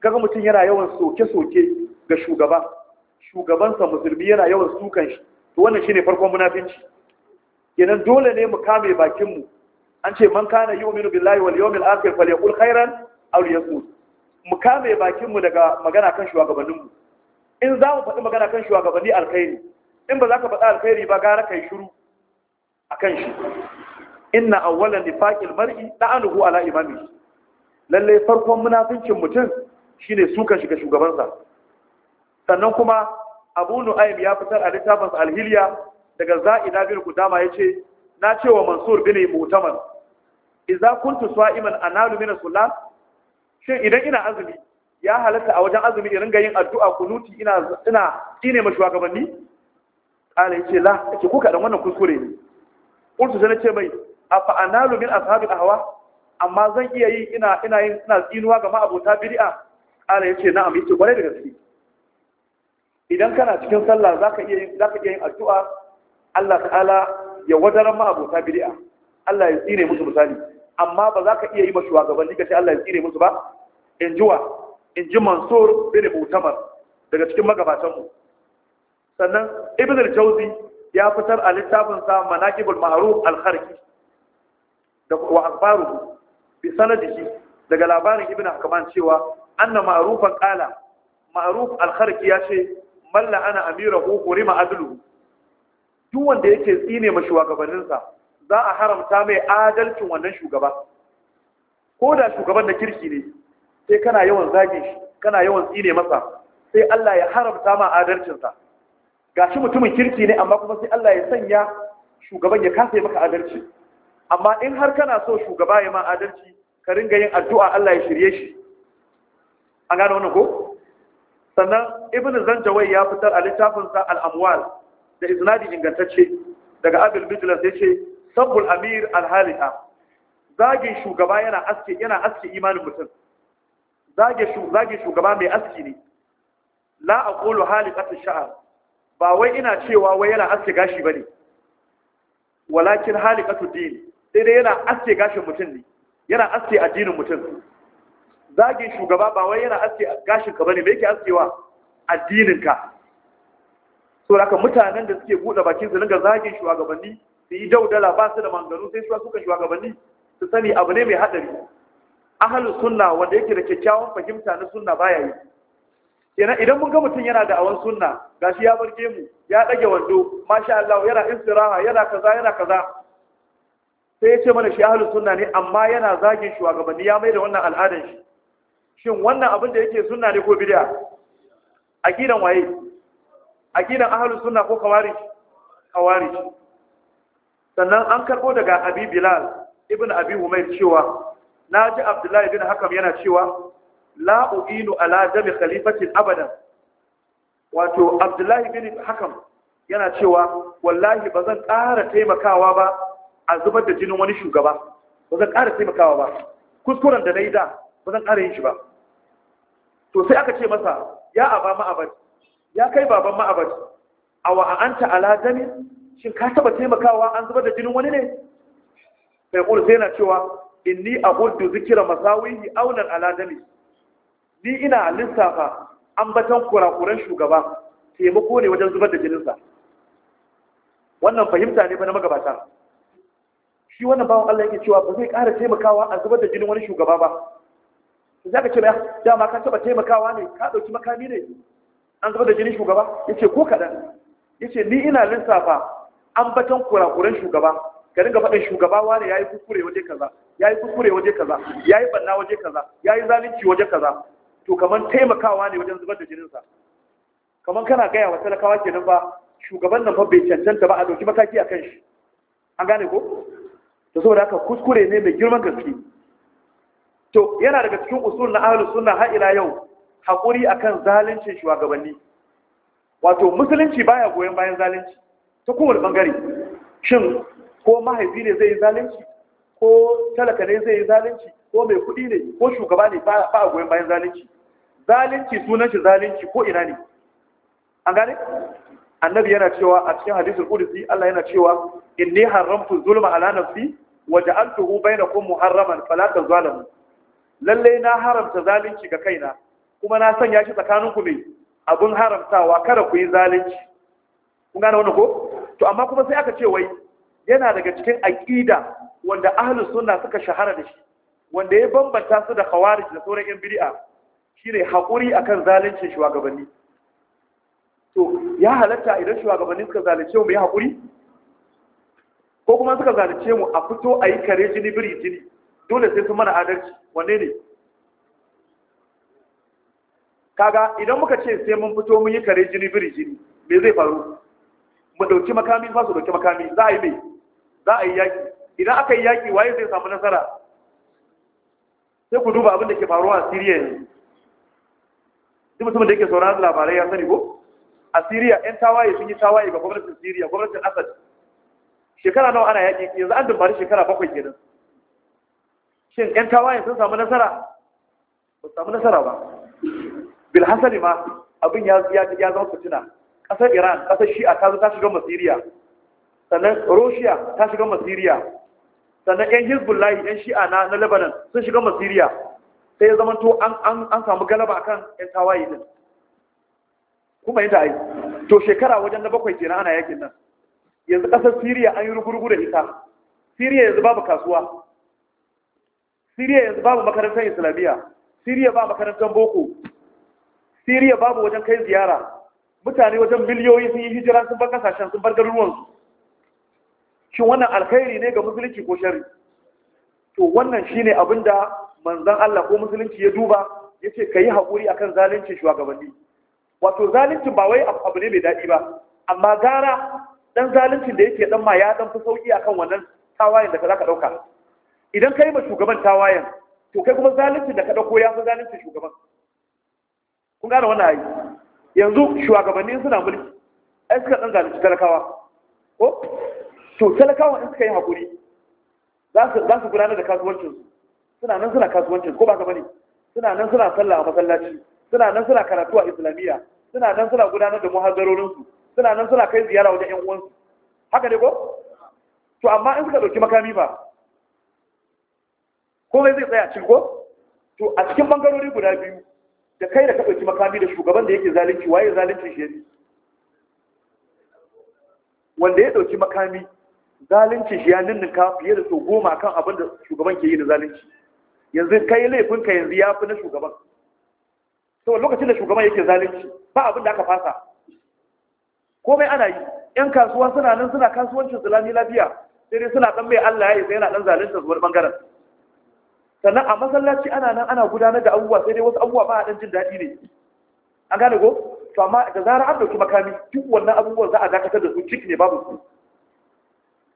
kaga mutum yana yawan soke-soke ga shugaba shugabansa musulmi yana yawan sukan shi to wannan shine farkon munafinci kenan dole ne mu kame bakin mu an ce man kana yu'minu billahi wal yawmil akhir falyaqul khairan aw liyasmut mu kame bakin mu daga magana kan shugabannin mu in za mu faɗi magana kan shugabanni alkhairi in ba za ka faɗi alkhairi ba gara kai shiru akan shi inna awwala nifaqil mar'i da'anuhu ala imami lalle farkon munafincin mutum shine suka shiga shugabansa sannan kuma Abu Nu'aym ya fitar a littafin al daga Za'ida bin kudama yace na cewa Mansur bin Mu'taman idza kuntu sa'iman analu min as-salat shin idan ina azumi ya halatta a wajen azumi in ga yin addu'a kunuti ina ina kine ma shugabanni kala yace la ko kadan wannan kuskure ne kuntu sai nace mai afa analu min ashabil ahwa amma zan iya yi ina ina yin ina tsinuwa ga ma'abota bid'a Allah yace na'am yace kwarai da gaske idan kana cikin sallah zaka iya yin zaka iya yin addu'a Allah ta'ala ya wadara ma'abota bid'a Allah ya tsire musu misali amma ba za ka iya yi ba shugabanni ka ce Allah ya tsire musu ba in wa, in ji Mansur bin Mutamar daga cikin magabatanmu sannan Ibn al-Jawzi ya fitar a littafin sa Manaqibul Ma'ruf al-Kharqi wa akbaru bi sanadihi daga labarin ibnu hakaman cewa anna ma'rufan qala ma'ruf al-kharqi ya ce malla ana amirahu qurima adlu duk wanda yake tsine ma shugabanninsa za a haramta mai adalcin wannan shugaba ko da shugaban na kirki ne sai kana yawan zage shi kana yawan tsine masa sai Allah ya haramta ma adalcinsa gashi mutumin kirki ne amma kuma sai Allah ya sanya shugaban ya kasa maka adalci amma in har kana so shugaba ya ma adalci ka ringa yin addu'a Allah ya shirye shi an gane wannan ko sannan ibnu zanjawai ya fitar a littafin sa al-amwal da isnadi ingantacce daga abul bijlan sai ce sabbul amir al-halika zage shugaba yana aske yana aske imanin mutum zage zage shugaba mai aski ne la aqulu halikatu sha'r ba wai ina cewa wai yana aske gashi bane walakin halikatu din sai dai yana aske gashin mutum ne yana aske addinin mutum zagin shugaba ba wai yana aske gashin ka bane me yake askewa addinin ka so haka mutanen da suke bude bakin su dinga zagin shugabanni su yi daudala ba su da mangaru sai su suka shugabanni su sani abu ne mai hadari ahlu sunna wanda yake da kyakkyawan fahimta na sunna baya yi kenan idan mun ga mutum yana da awan sunna gashi ya barge mu, ya dage wando masha Allah yana istiraha yana kaza yana kaza sai ya ce mana shi ahalus sunna ne amma yana zagin shugabanni ya mai da wannan al'adar shi shin wannan abin da yake sunna ne ko bid'a gidan waye aqidan ahalus sunna ko khawarij khawarij sannan an karbo daga abi bilal ibn abi umayr cewa naji abdullahi ibn hakam yana cewa la uinu ala dami khalifatin abadan wato abdullahi ibn hakam yana cewa wallahi bazan ƙara taimakawa ba a zubar da jinin wani shugaba ba zan ƙara taimakawa ba kuskuren da na yi da ba zan ƙara yin shi ba to sai aka ce masa ya ba ma'abar ya kai baban ma'abar a wa'anta ala damin shin ka taɓa taimakawa an zubar da jinin wani ne sai ƙul sai na cewa inni abuddu zikira masawihi aunan Aladami. ni ina lissafa batan kurakuran shugaba taimako ne wajen zubar da jininsa wannan fahimta ne fa na magabata shi wannan bawan Allah yake cewa ba zai ƙara taimakawa a zubar da jinin wani shugaba ba za ka ce ba ah, dama ka taɓa taimakawa ne ka ɗauki makami ne an zubar da jinin shugaba ya ce ko kaɗan ya ce ni ina lissafa an batan kurakuran shugaba ka dinga faɗin shugaba wane ya yi kuskure waje kaza ya yi kuskure waje kaza ya yi ɓanna waje kaza ya yi zalunci waje kaza to kamar taimakawa ne wajen zubar da jininsa kamar kana gaya wa talakawa kenan ba shugaban nan fa bai cancanta ba a ɗauki mataki a kan shi an gane ko to saboda haka kuskure ne mai girman gaske to yana daga cikin usul na ahlus sunna har ila yau hakuri akan zaluncin shugabanni wato musulunci baya goyon bayan zalunci ta kowane bangare shin ko mahaifi ne zai yi zalunci ko talaka ne zai yi zalunci ko mai kuɗi ne ko shugaba ne ba a goyon bayan zalunci zalunci sunan shi zalunci ko ina ne an gane annabi yana cewa a cikin hadisul qudsi Allah yana cewa inni haramtu zulma ala nafsi waje an tuhu bai na kun muharraman falatar zalamu lalle na haramta zalunci ga kaina kuma na sanya shi ku ne abin haramtawa kada ku yi zalunci kun gane wannan ko to amma kuma sai aka ce wai yana daga cikin aqida wanda ahlus sunna suka shahara da shi wanda ya bambanta su da khawarij da sauran yan bid'a shine hakuri akan zaluncin shugabanni to ya halatta idan shugabanni suka zalunce mu yi hakuri ko kuma suka zalice mu a fito a yi kare jini biri jini dole sai sun mana adalci wanne ne kaga idan muka ce sai mun fito mun yi kare jini biri jini me zai faru mu dauki makami ba su dauki makami za a yi me za a yi yaki idan aka yi yaki waye zai samu nasara sai ku duba abin da ke faruwa a Siriya yanzu duk mutumin da yake sauraron labarai ya sani ko a Siriya 'yan tawaye sun yi tawaye ga gwamnatin Siriya gwamnatin Assad shekara nawa ana yaƙi yanzu an dubbari shekara bakwai kenan shin ƴan tawayen sun samu nasara ba samu nasara ba bilhassani ma abin ya zama fitina ƙasar iran ƙasar shi'a ta zo ta shiga masiriya sannan roshiya ta shiga masiriya sannan yan hezbollah yan shi'a na na lebanon sun shiga masiriya sai ya zamanto an samu galaba akan yan tawaye din kuma yin da ai to shekara wajen na bakwai kenan ana yakin nan yanzu ƙasar siriya an yi rugurgu da ita siriya yanzu babu kasuwa siriya yanzu babu makarantar islamiyya siriya ba makarantar boko siriya babu wajen kai ziyara mutane wajen miliyoyi sun yi hijira sun bar kasashen sun bar garuruwansu shin wannan alkhairi ne ga musulunci ko shari to wannan shine abin da manzon Allah ko musulunci ya duba ya yace yi hakuri akan zalunci shugabanni wato zalunci ba wai abu ne mai daɗi ba amma gara dan zaluncin da yake dan ma ya dan fi sauki akan wannan tawayen da za ka dauka idan kai ma shugaban tawayen to kai kuma zaluncin da ka dauko ya fi zaluncin shugaban kun gane wannan ayi yanzu shugabanni suna mulki ai suka dan zalunci talakawa ko to talakawa in suka yi hakuri za su za su gudanar da kasuwancin suna nan suna kasuwancin ko ba ka bane suna nan suna sallah a masallaci suna nan suna karatu a islamiyya suna nan suna gudanar da muhazzarorinsu suna nan suna kai ziyara wajen yan uwansu haka ne ko to amma in suka dauki makami ba Ko mai zai tsaya cikin ko to a cikin bangarori guda biyu da kai da ka dauki makami da shugaban da yake zalunci waye zalunci shi wanda ya dauki makami zalunci shi ya ninninka fiye da so goma kan abin da shugaban ke yi da zalunci yanzu kai laifin ka yanzu ya fi na shugaban to lokacin da shugaban yake zalunci ba abin da aka fasa komai ana yi yan kasuwa suna nan suna kasuwancin su lafiya sai dai suna dan mai Allah ya yi sai yana dan zalunta su wani bangaren sannan a masallaci ana nan ana gudanar da abubuwa sai dai wasu abubuwa ba a dan jin daɗi ne an gane ko to amma da zarar an dauki makami duk wannan abubuwan za a dakatar da su cik ne babu su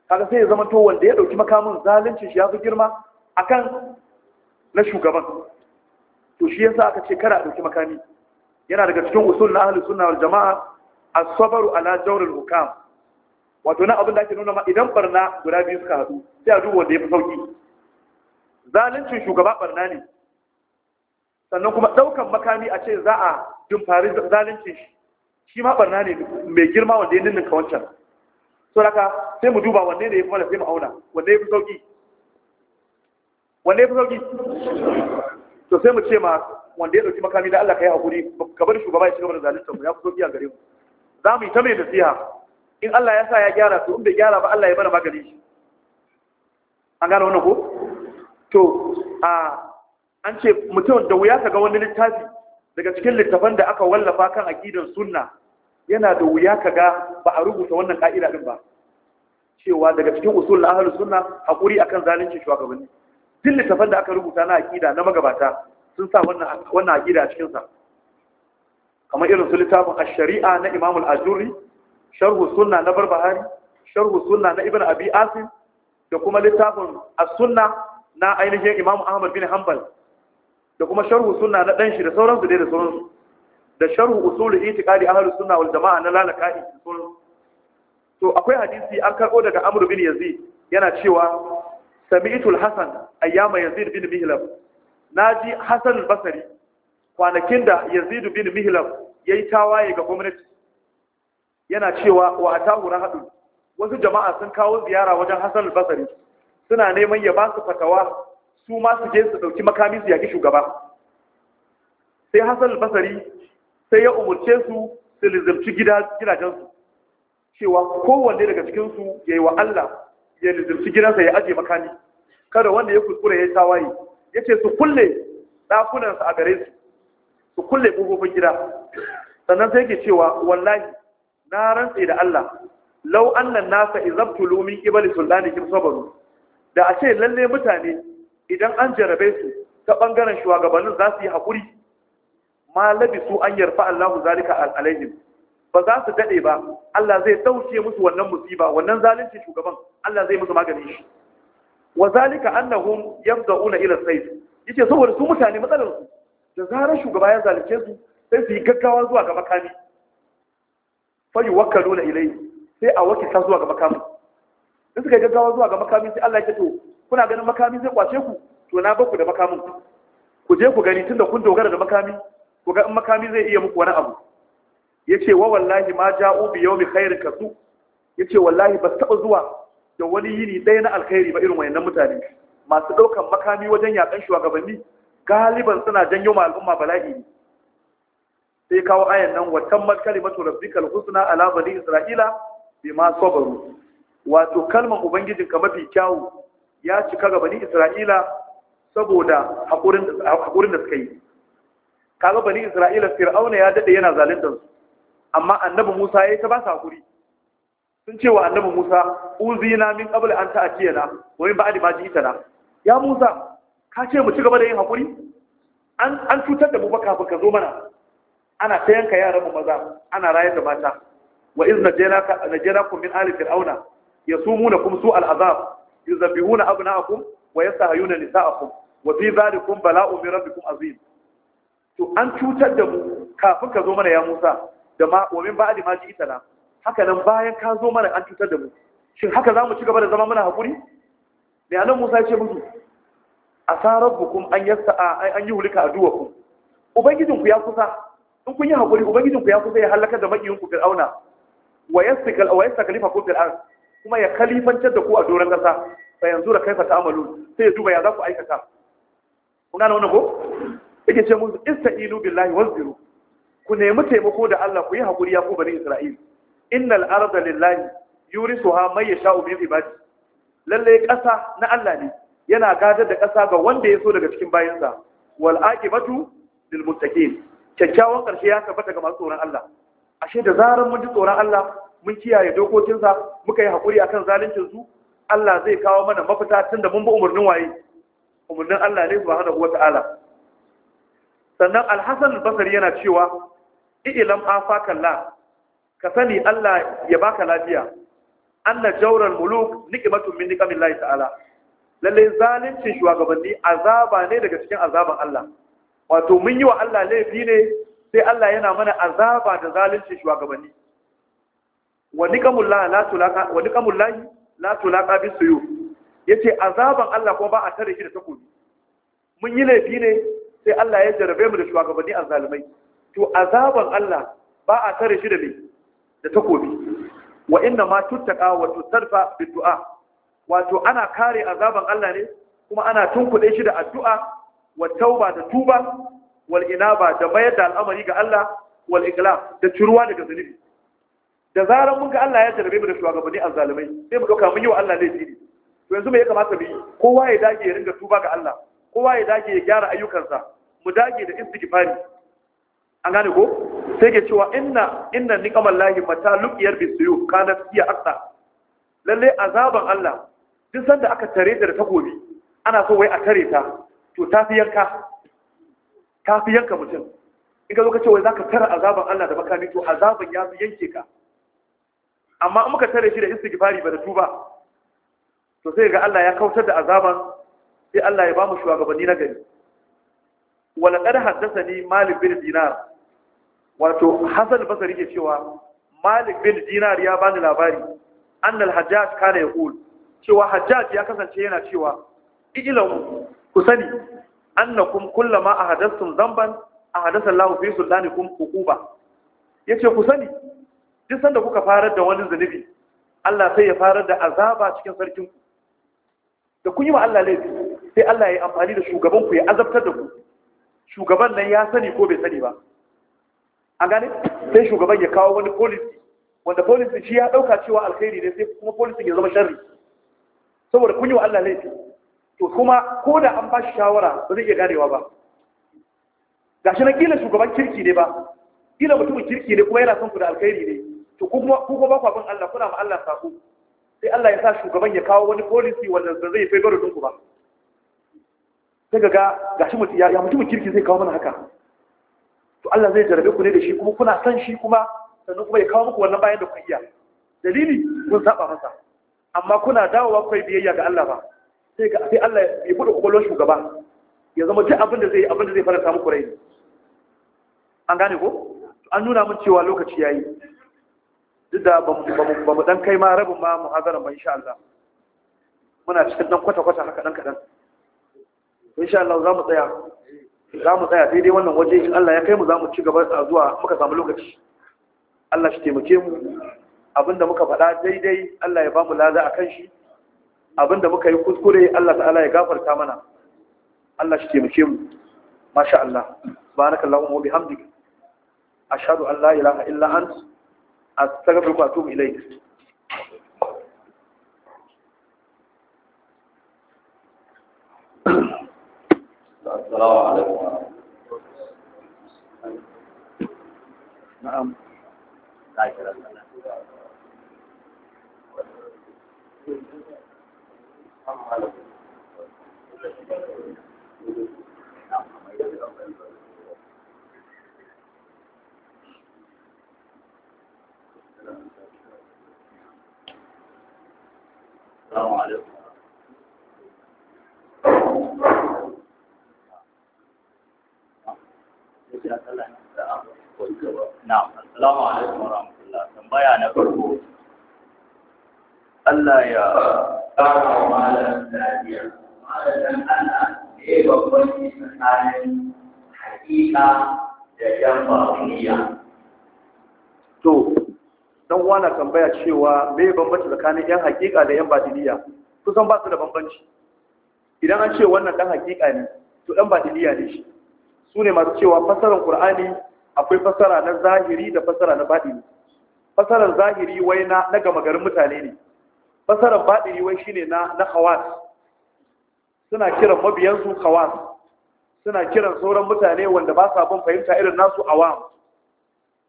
kaga sai ya zama to wanda ya dauki makamin zalunci shi ya fi girma akan na shugaban to shi yasa aka ce a dauki makami yana daga cikin usul na ahlus sunna wal jama'a asabaru ala jawrul hukam wato na abin da ake nuna ma idan barna guda biyu suka hadu, sai a duba wanda ya fi sauki zalincin shugaba barna ne sannan kuma ɗaukan makami a ce za a fari zalincin shi shi ma barna ne mai girma wanda ya ninninka wancan so daga sai mu duba wanne ne ya fi mana sai mu auna wanne ya fi sauki wanne ya fi sauki to sai mu ce ma wanda ya ɗauki makami da Allah ka yi haƙuri ka bar shugaba ya shiga gaba da zalunta mu ya fi sauki a gare mu za mu yi ta mai nasiha in Allah ya sa ya gyara su in bai gyara ba Allah ya mana magani shi an gane wannan ko to a an ce mutum da wuya ka ga wani littafi daga cikin littafan da aka wallafa kan aqidan sunna yana da wuya ka ga ba a rubuta wannan ka'ida din ba cewa daga cikin usul ahlus sunna hakuri akan zalunci shugabanni duk littafan da aka rubuta na aqida na magabata sun sa wannan wannan aqida a cikin kamar irin su littafin ash-shari'a na Imam al-Ajuri sharhu sunna na Barbahari sharhu sunna na Ibn Abi Asim da kuma littafin as-sunna na ainihin Imam Ahmad bin Hanbal da kuma sharhu sunna na dan da sauransu dai da sauransu da sharhu usul itiqadi ahlus sunna wal jama'a na lalaka'i sauransu to akwai hadisi an karbo daga Amr bin Yazid yana cewa sami'tul Hasan ayyama Yazid bin Mihlab naji Hasan al-Basri kwanakin da yazidu bin mihlam ya yi tawaye ga gwamnati yana cewa wa a tahura haɗu wasu jama'a sun kawo ziyara wajen hassan albasari suna neman ya ba su fatawa su ma su je su ɗauki makami su yaki shugaba sai hassan albasari sai ya umarce su su lizarci gidajensu cewa kowanne daga cikinsu ya yi wa allah ya lizarci gidansa ya ajiye makami kada wanda ya kuskure ya yi tawaye ya ce su kulle ɗakunansa a gare su ku kulle ƙofofin gida sannan sai ke cewa wallahi na rantse da Allah lau annan nasa izabtulu min sulani Kim sabaru da a ce lalle mutane idan an jarabe su ta bangaren shugabannin za su yi hakuri ma su an yarfa Allah zalika alaihim ba za su dade ba Allah zai dauke musu wannan musiba wannan zalunci shugaban Allah zai musu magani shi wa zalika annahum yabda'una ila sayf yace saboda su mutane matsalar su da zarar shugaba ya zalunce su sai su yi gaggawa zuwa ga makami fayi wakalu na ilai sai a wakilta zuwa ga makami in suka yi gaggawa zuwa ga makami sai Allah ya to kuna ganin makami zai kwace ku to na baku da makamin ku je ku gani tunda kun dogara da makami ku ga in makami zai iya muku wani abu yace wa wallahi ma ja'u bi yawmi khairin kasu yace wallahi ba taba zuwa da wani yini ɗaya na alkhairi ba irin wayannan mutane masu ɗaukan makami wajen yakan shugabanni galiban suna janyo ma al'umma bala'i ne sai kawo ayan nan wa tammat kalimatu rabbikal husna ala bani isra'ila bima sabaru wato kalmar ubangijin ka mafi kyawu ya cika ga bani isra'ila saboda hakurin da suka yi kaga bani isra'ila fir'auna ya dade yana zalunta su amma annabi Musa yayi ta ba su hakuri sun ce wa annabi Musa uzina min qabl an ta'tiyana wa min ba'di ma ji'tana ya Musa ka ce mu ci gaba da yin haƙuri an cutar da mu baka baka zo mana ana ta yanka yaran mu maza ana rayar da mata wa iz najayna najaynakum min ali fir'auna yasumunakum su'al azab yuzabbihuna abna'akum wa yastahiyuna nisa'akum wa fi dhalikum bala'u min rabbikum azim to an cutar da mu kafin ka zo mana ya Musa da ma wa min ba'di ma na. haka nan bayan ka zo mana an cutar da mu shin haka za mu ci gaba da zama muna haƙuri me anan Musa ya ce musu asa rabbukum an yasta'a an yuhlika aduwakum ubangijinku ya kusa in kun yi hakuri ubangijinku ya kusa ya halaka da makiyinku fir'auna wa yastakal wa yastakalifa kun fir'aun kuma ya kalifantar da ku a doron kasa sai yanzu da kaifa ta'amalu sai ya duba ya za ku aikata kun gane wannan ko yake ce musu ista'ilu billahi wasbiru ku nemi taimako da Allah ku yi hakuri ya ku bani Isra'il innal arda lillahi yurisuha may yasha'u bi ibadi lalle kasa na Allah ne yana gadar da ƙasa ga wanda ya so daga cikin bayansa wal aqibatu lil muttaqin kyakkyawan ƙarshe ya tabbata ga masu tsoron Allah ashe da zarar mun ji tsoron Allah mun kiyaye dokokinsa muka yi hakuri akan zaluncin su Allah zai kawo mana mafita tunda mun bi umarnin waye umarnin Allah ne subhanahu wata'ala sannan al-Hasan al-Basri yana cewa ilam afakallah ka sani Allah ya baka lafiya anna jawral muluk nikmatun min nikamillahi ta'ala lalle zalincin shugabanni azaba ne daga cikin azaban Allah wato mun yi wa Allah laifi ne sai Allah yana mana azaba da zalincin shugabanni Wani kamun la tulaqa wa niqamullahi la tulaqa yace azaban Allah kuma ba a tare shi da takobi mun yi laifi ne sai Allah ya jarabe mu da shugabanni azzalumai to azaban Allah ba a tare shi da me da takobi wa inna ma tuttaqa wa tusarfa bi du'a wato ana kare azaban Allah ne kuma ana tunkuɗe shi da addu'a wa tauba da tuba wal inaba da mayar da al'amari ga Allah wal iqlam da ciruwa daga zunubi da zarar mun ga Allah ya tarbe mu da shugabanni azzalumai sai mu dauka mun yi wa Allah laifi ne to yanzu me ya kamata mu yi kowa ya dage ya ringa tuba ga Allah kowa ya dage ya gyara ayyukansa mu dage da istighfari an gane ko sai ke cewa inna inna niqamallahi mata luqiyar bisuyu kana fiya aqsa lalle azaban Allah duk sanda aka tare da takobi ana so wai a tare ta to tafi yanka ta yanka mutum in ka zo ka ce wai zaka tara azaban Allah da makami to azaban ya fi yanke ka amma in muka tare shi da istighfari ba da tuba to sai ga Allah ya kautar da azaban sai Allah ya ba mu shugabanni na gari wala haddasa haddathani Malik bin Dinar wato Hasan basari ke cewa Malik bin Dinar ya bani labari annal Hajjaj kana yaqul cewa hajjaji ya kasance yana cewa ijilan ku sani annakum kullama ahadathtum Zamban, ahadasa Allahu fi sultanikum uquba yace ku sani duk sanda kuka farar da wani zunubi Allah sai ya farar da azaba cikin sarkin ku da kun yi wa Allah laifi sai Allah ya yi amfani da shugaban ku ya azabtar da ku shugaban nan ya sani ko bai sani ba a gane sai shugaban ya kawo wani policy wanda policy shi ya dauka cewa alkhairi ne sai kuma policy ya zama sharri saboda kun yi wa Allah laifi to kuma ko da an ba shi shawara ba zai iya garewa ba Ga shi na kila shugaban kirki ne ba kila mutumin kirki ne kuma yana son ku da alkhairi ne to ku kuma ku ba ku abin Allah kuna ma Allah sako sai Allah ya sa shugaban ya kawo wani policy wanda zai fai din ku ba sai ga shi mutum ya mutumin kirki zai kawo mana haka to Allah zai jarabe ku ne da shi kuma kuna son shi kuma sannan kuma ya kawo muku wannan bayan da ku iya dalili kun saba masa amma kuna dawowa kai biyayya ga Allah ba sai ga sai Allah ya bude kokolon shugaba ya zama duk abin da zai abin da zai fara samu kurai an gane ko an nuna mun cewa lokaci yayi duk da ba mu dan kai ma rabin ma muhazaran ba insha Allah muna cikin dan kwata kwata haka dan kadan insha Allah za mu tsaya za mu tsaya daidai wannan waje in Allah ya kai mu za mu ci gaba zuwa muka samu lokaci Allah shi taimake mu abinda muka faɗa daidai Allah ya bamu laza kan shi abinda muka yi kuskure Allah ta'ala ya gafarta mana Allah shi taimake mu masha Allah subhanakallahumma wa bihamdika ashhadu an la ilaha illa ant astaghfiruka wa atubu ilayk السلام عليكم نعم Assalamu alaikum warahmatullahi wabarakatuh. Tambaya na farko Allah ya ƙara wa malam lafiya malam Allah ne babban tsakanin haƙiƙa da yan bauniya to don wana tambaya cewa mai bambanci tsakanin yan haƙiƙa da yan batiniya kusan ba su da bambanci idan an ce wannan ɗan haƙiƙa ne to dan batiniya ne shi su ne masu cewa fasarar Kur'ani akwai fasara na zahiri da fasara na batini fasarar zahiri wai na gama garin mutane ne fasarar baɗini wai shine na na khawas suna kiran mabiyansu khawas suna kiran sauran mutane wanda ba sa bin fahimta irin nasu awam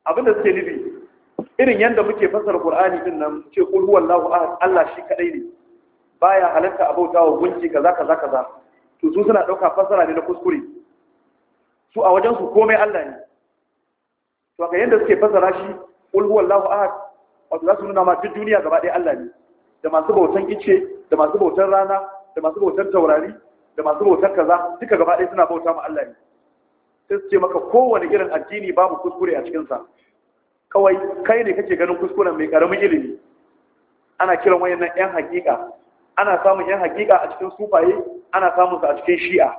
abinda suke nufi irin yadda muke fasar qur'ani din nan ce qul huwallahu ahad Allah shi kadai ne baya halatta bauta wa gunki kaza kaza kaza to su suna dauka fasara ne na kuskure su a wajen su komai Allah ne to ga yadda suke fasara shi qul huwallahu ahad wato za su nuna ma duk duniya gaba ɗaya Allah ne da masu bautan ice da masu bautan rana da masu bautan taurari da masu bautan kaza duka gaba ɗaya suna bauta ma Allah ne sai su ce maka kowane irin addini babu kuskure a cikinsa kawai kai ne kake ganin kuskuren mai karamin ilimi ana kiran wayannan yan hakika ana samun yan hakika a cikin sufaye ana samun su a cikin shi'a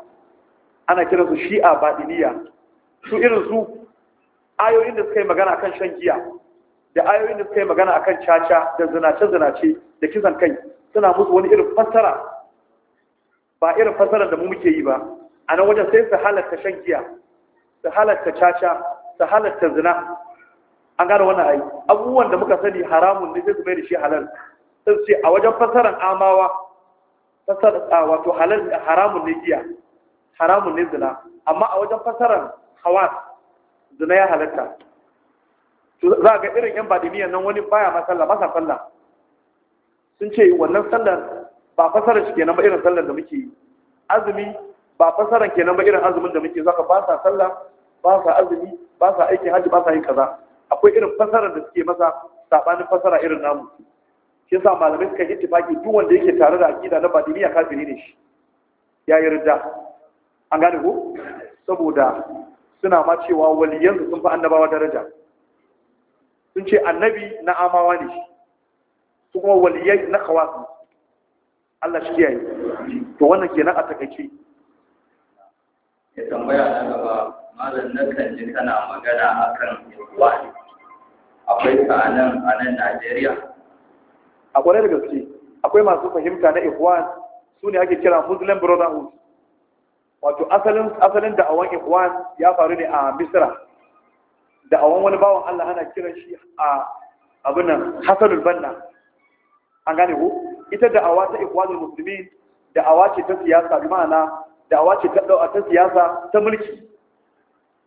ana kiran su shi'a badiliya su irin su ayoyin da suka yi magana kan shan giya da ayoyin da suka yi magana akan caca da zinace-zinace da kisan kai suna musu wani irin fassara ba irin fassara da mu muke yi ba a nan wajen sai su halatta shan giya su halatta caca su halatta zina an gane wannan ayi abubuwan da muka sani haramun ne sai su mai da shi halal sai su ce a wajen fassaran amawa fassara wato halal haramun ne giya haramun ne zina amma a wajen fassaran hawa zina ya halatta za ga irin yan badimiyan nan wani baya ma sallah masa sallah sun ce wannan sallar ba fasarar shi kenan ba irin sallar da muke yi azumi ba fasarar kenan ba irin azumin da muke zaka ba sa sallah ba sa azumi ba sa aiki, hajji ba sa yin kaza akwai irin fasarar da suke masa sabanin fasara irin namu shi yasa malamai suka yi ittifaki duk wanda yake tare da aqida na badimiya kafiri ne shi ya yi ridda an gane ko saboda suna ma cewa waliyansu sun fi annabawa daraja sun ce annabi na amawa ne su kuma waliyai na kawasu Allah shi yayi to wannan kenan a takaice ya tambaya na gaba malam na kan ji kana magana akan wani akwai ka nan a nan Najeriya a kwarai da gaske akwai masu fahimta na ikhwan su ne ake kira muslim brotherhood wato asalin asalin da'awan ikhwan ya faru ne a misra da a wani bawan Allah ana kiran shi a abin nan hasanul banna an gane ko ita da awa ta ikwalul muslimin da awa ce ta siyasa bi ma'ana da awa ce ta ta siyasa ta mulki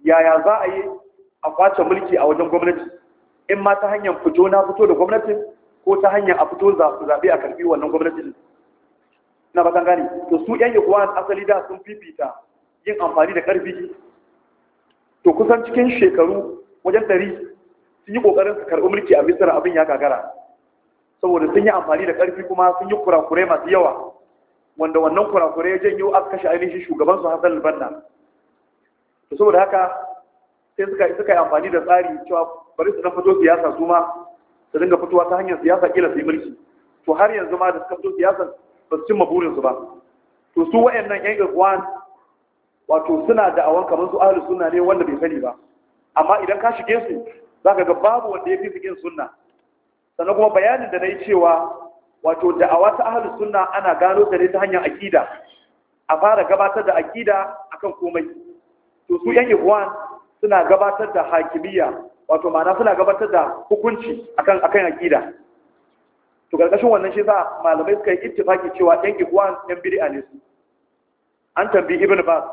yaya za a yi a kwace mulki a wajen gwamnati in ma ta hanyar fito na fito da gwamnatin ko ta hanyar a fito zaɓe a karɓi wannan gwamnatin na batan gane to su yan ikwan asali da sun fifita yin amfani da ƙarfi to kusan cikin shekaru wajen ɗari sun yi ƙoƙarin su karɓi mulki a misira abin ya gagara saboda sun yi amfani da ƙarfi kuma sun yi kurakurai masu yawa wanda wannan kurakurai ya janyo aka kashe ainihin su hassan libanna to saboda haka sai suka suka yi amfani da tsari cewa bari su dan fito siyasa su ma su dinga fitowa ta hanyar siyasa kila su yi mulki to har yanzu ma da suka fito siyasa ba su cimma burinsu ba to su wa'annan yan ikwan wato suna da'awan kamar su ahlus suna ne wanda bai sani ba amma idan ka shige su za ka ga babu wanda ya fi su sunna sannan kuma bayanin da na yi cewa wato a wata ahalin sunna ana gano ta ne ta hanyar akida a fara gabatar da akida kan komai to su yan ikhwan suna gabatar da hakimiyya wato ma'ana suna gabatar da hukunci akan akan akida to karkashin wannan shi za malamai suka yi ittifaki cewa yan ikhwan yan bid'a ne su an tambayi ibn bas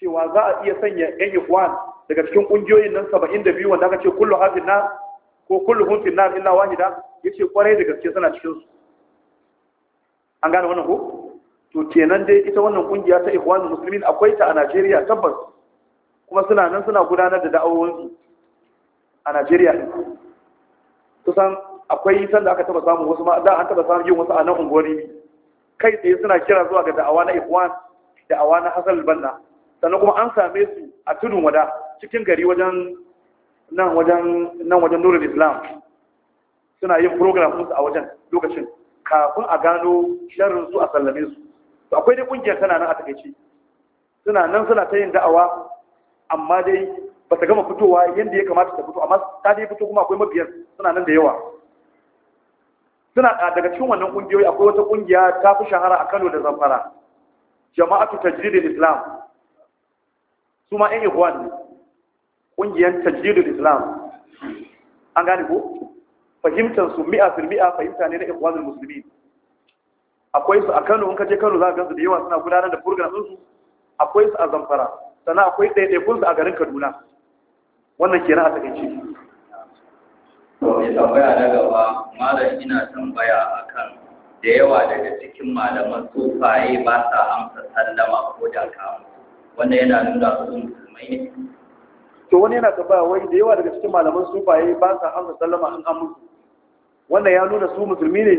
cewa za a iya sanya yan ikhwan daga cikin kungiyoyin nan 72 wanda aka ce kullu hazin na ko kullu hun na illa wahida ce kwarai da gaske suna cikin su an gane wannan ko to kenan dai ita wannan kungiya ta ikhwanul muslimin akwai ta a Najeriya tabbas kuma suna nan suna gudanar da da'awoyin a Najeriya din kusan akwai sanda aka taba samun wasu ma da an taba samun yin wasu a nan unguwanni kai tsaye suna kira zuwa ga da'awa na ikhwan da'awa na hasal banna sannan kuma an same su a tudun wada cikin gari wajen nan wajen nan wajen nurul islam suna yin program musu a wajen lokacin kafin a gano sharrin su a sallame su to akwai dai kungiyar tana nan a takaice suna nan suna ta yin da'awa amma dai ba ta gama fitowa yadda ya kamata ta fito amma ta dai fito kuma akwai mabiyan suna nan da yawa suna daga cikin wannan kungiyoyi akwai wata kungiya ta fi shahara a Kano da Zamfara jama'atu tajridul islam su ma ɗan ikhwan ne ƙungiyar tajjidul islam an gane ko fahimtar su mi'a fil mi'a fahimta ne na ikhwanul muslimin akwai su a Kano in ka je Kano za ka gansu da yawa suna gudanar da program din su akwai su a Zamfara sannan akwai kun su a garin Kaduna wannan kenan a takaice mai tambaya na gaba malam ina tambaya akan da yawa daga cikin malaman tsofaye ba sa amsa sallama ko da kamu wannan yana nuna su musulmai ne to wani yana tambaya wai da yawa daga cikin malaman sufaye ba sa amsa sallama an an musu wannan ya nuna su musulmi ne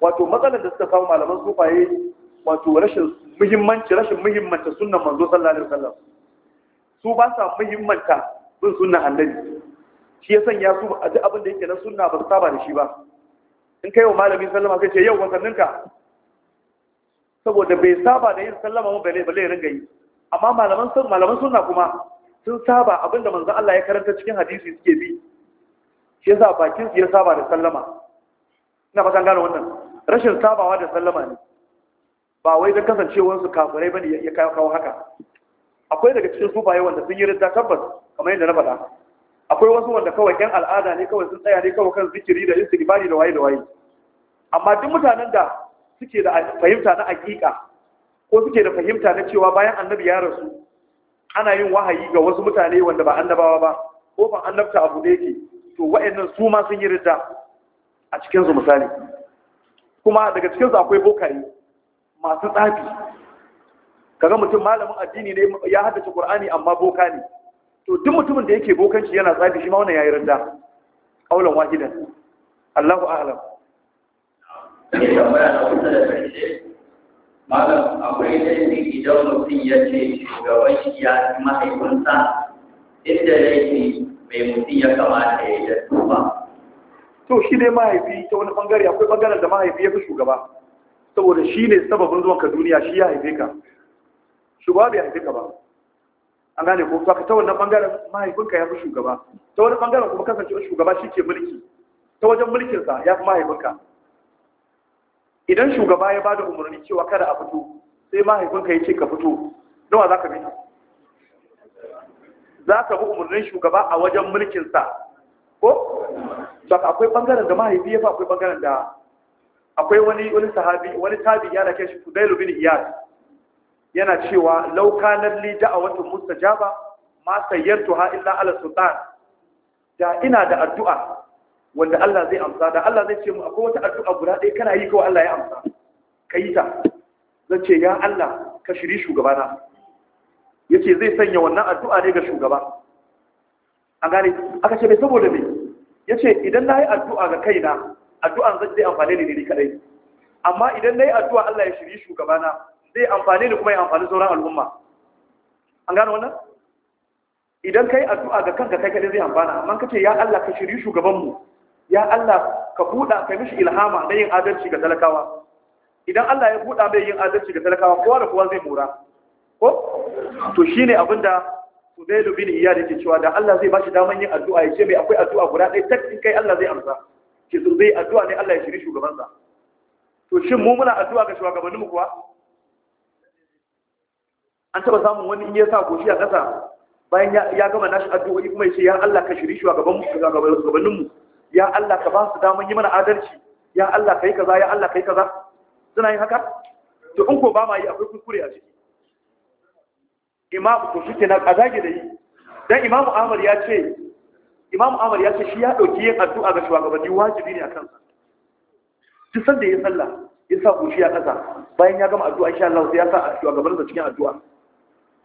wato matsalar da suka kawo malaman sufaye wato rashin muhimmanci rashin muhimmanci sunnan manzo sallallahu alaihi wasallam su ba sa muhimmanta bin sunnan annabi shi ya sanya su a duk abin da yake na sunna ba su saba da shi ba in kai wa malamin sallama kai ce yau wasanninka saboda bai saba da yin sallama ba bale bale ringa yi amma malaman sunna kuma sun saba abinda manzo Allah ya karanta cikin hadisi suke bi shi yasa bakin su ya saba da sallama ina san gane wannan rashin sabawa da sallama ne ba wai da kasancewar su kafirai bane ya kawo haka akwai daga cikin sufaye wanda sun yi rida tabbas kamar yadda na faɗa akwai wasu wanda kawai ƴan al'ada ne kawai sun tsaya ne kawai kan zikiri da istighfari da waye da waye amma duk mutanen da suke da fahimta na hakika ko suke da fahimta na cewa bayan annabi ya rasu ana yin wahayi ga wasu mutane wanda ba annabawa ba ko ba annabta abu da yake to wa'annan su ma sun yi ridda a cikin misali kuma daga cikin akwai bokaye masu tsafi kaga mutum malamin addini ne ya haddace Qur'ani amma boka ne to duk mutumin da yake bokanci yana tsafi shi ma wannan yayi ridda kaulan wahidan Allahu a'lam malam akwai laifi idan mutum ya ce shugaban shi ya fi mahaifinsa inda laifi mai mutum ya kamata ya yi da to shi ne mahaifi ta wani bangare akwai bangaren da mahaifi ya fi shugaba saboda shi ne sababin zuwan ka duniya shi ya haife ka shugaba bai haife ka ba an gane ko ka ta wannan bangaren mahaifinka ya fi shugaba ta wani bangaren kuma kasance shugaba shi ke mulki ta wajen mulkinsa ya fi mahaifinka idan shugaba ya bada umarni cewa kada a fito sai mahaifinka ya ce ka fito nawa za ka bi za ka bi umarnin shugaba a wajen mulkinsa ko ba akwai bangaren da mahaifi ya fa akwai bangaren da akwai wani wani sahabi wani tabi ya rake shi Fudailu bin Iyad yana cewa laukanar li da'awatu mustajaba ma sayyartuha illa ala sultan da ina da addu'a wanda Allah zai amsa da Allah zai ce mu akwai wata addu'a guda ɗaya kana yi kawai Allah ya amsa ka yi ta zan ce ya Allah ka shiri shugabana ya ce zai sanya wannan addu'a ne ga shugaba a gane aka ce mai saboda me ya ce idan na yi addu'a ga kaina zan zai amfane ni ne kadai amma idan na yi addu'a Allah ya shiri shugabana zai amfane ni kuma ya amfani sauran al'umma an gane wannan idan kai addu'a ga kanka kai kadai zai amfana amma ka ce ya Allah ka shiri shugabanmu ya Allah ka buɗa ka mishi ilhama na yin adalci ga talakawa idan Allah ya buɗa mai yin adalci ga talakawa kowa da kowa zai mura ko to shine abin da Fudailu bin Iyad yake cewa da Allah zai bashi daman yin addu'a ya ce mai akwai addu'a guda ɗaya tak kai Allah zai amsa ke su zai addu'a ne Allah ya shiri shugabansa to shin mu muna addu'a ga shugabannin mu kuwa an taba samun wani in ya sa goshi a ƙasa bayan ya gama nashi addu'o'i kuma ya ce ya Allah ka shiri shugabannin mu ya Allah ka ba su daman yi mana adalci ya Allah kai kaza ya Allah kai kaza suna yin haka to in ko ba ma yi akwai kuskure a ciki imamu ko kenan na zage da yi dan imam Ahmad ya ce imam Ahmad ya ce shi ya dauki yin addu'a ga shugabanni wajibi ne akan sa san sanda ya sallah ya sa koshi ya kaza bayan ya gama addu'a insha Allah sai ya sa shugabannin da cikin addu'a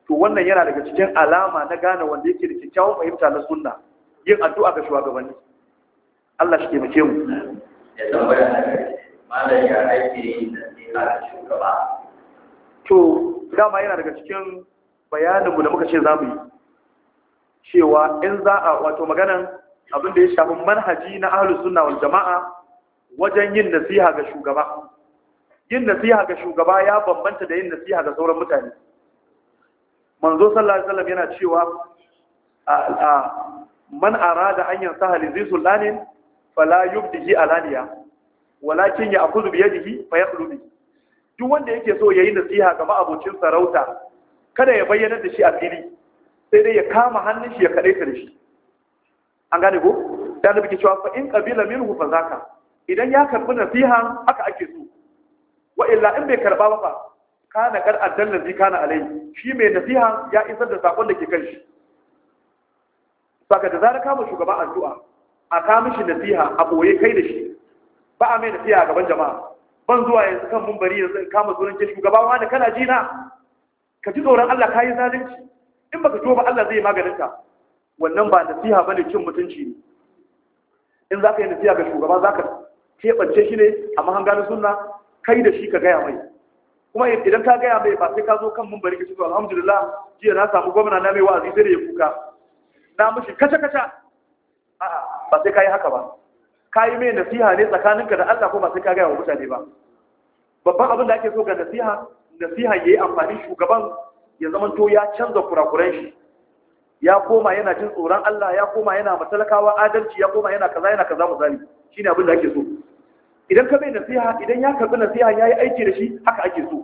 to wannan yana daga cikin alama na gane wanda yake da kyakkyawan fahimta na sunna yin addu'a ga shugabanni Allah shi taimake mu ya tambaya ya aiki shugaba to dama yana daga cikin bayaninmu da muka ce za mu yi cewa in za a wato maganan abin da ya shafi manhaji na ahalus sunna wal jama'a wajen yin nasiha ga shugaba yin nasiha ga shugaba ya bambanta da yin nasiha ga sauran mutane manzo sallallahu alaihi wasallam yana cewa a man arada an yansaha Hali zi sulanin fala ji alaniya walakin ya akuzu bi yadihi fa yakhlubi duk wanda yake so ya yi nasiha ga ma'abocin sarauta kada ya bayyana da shi a fili sai dai ya kama hannun shi ya kade ta da shi an gane ko da na bikin cewa fa in qabila minhu fa zaka idan ya karbi nasiha aka ake so wa illa in bai karba ba kana kar addalla zai kana alai shi mai nasiha ya isar da sakon da ke kan shi saka da zarar kama shugaba addu'a a kamishin da nasiha a boye kai da shi ba a mai nasiha a gaban jama'a ban zuwa yanzu kan mumbari yanzu in kama sunan ke shugaba da kana jina? ka ji tsoron Allah ka yi zalunci in baka ciwo ba Allah zai yi maganin ka wannan ba nasiha ne cin mutunci ne in za ka yi nasiha ga shugaba za ka keɓance shi ne a mahanganin suna, kai da shi ka gaya mai kuma idan ka gaya mai ba sai ka zo kan mumbari ka ci to alhamdulillah jiya na samu gwamna na mai wa'azi sai da ya kuka na mushi kaca kaca a'a ba sai ka yi haka ba ka yi mai nasiha ne tsakaninka da Allah ko ba sai ka gaya wa mutane ba babban abin da ake so ga nasiha nasiha ya yi amfani shugaban ya zamanto ya canza kurakuran shi ya koma yana jin tsoron Allah ya koma yana matalakawa adalci ya koma yana kaza yana kaza misali shine abin da ake so idan ka bai nasiha idan ya karbi nasiha ya yi aiki da shi haka ake so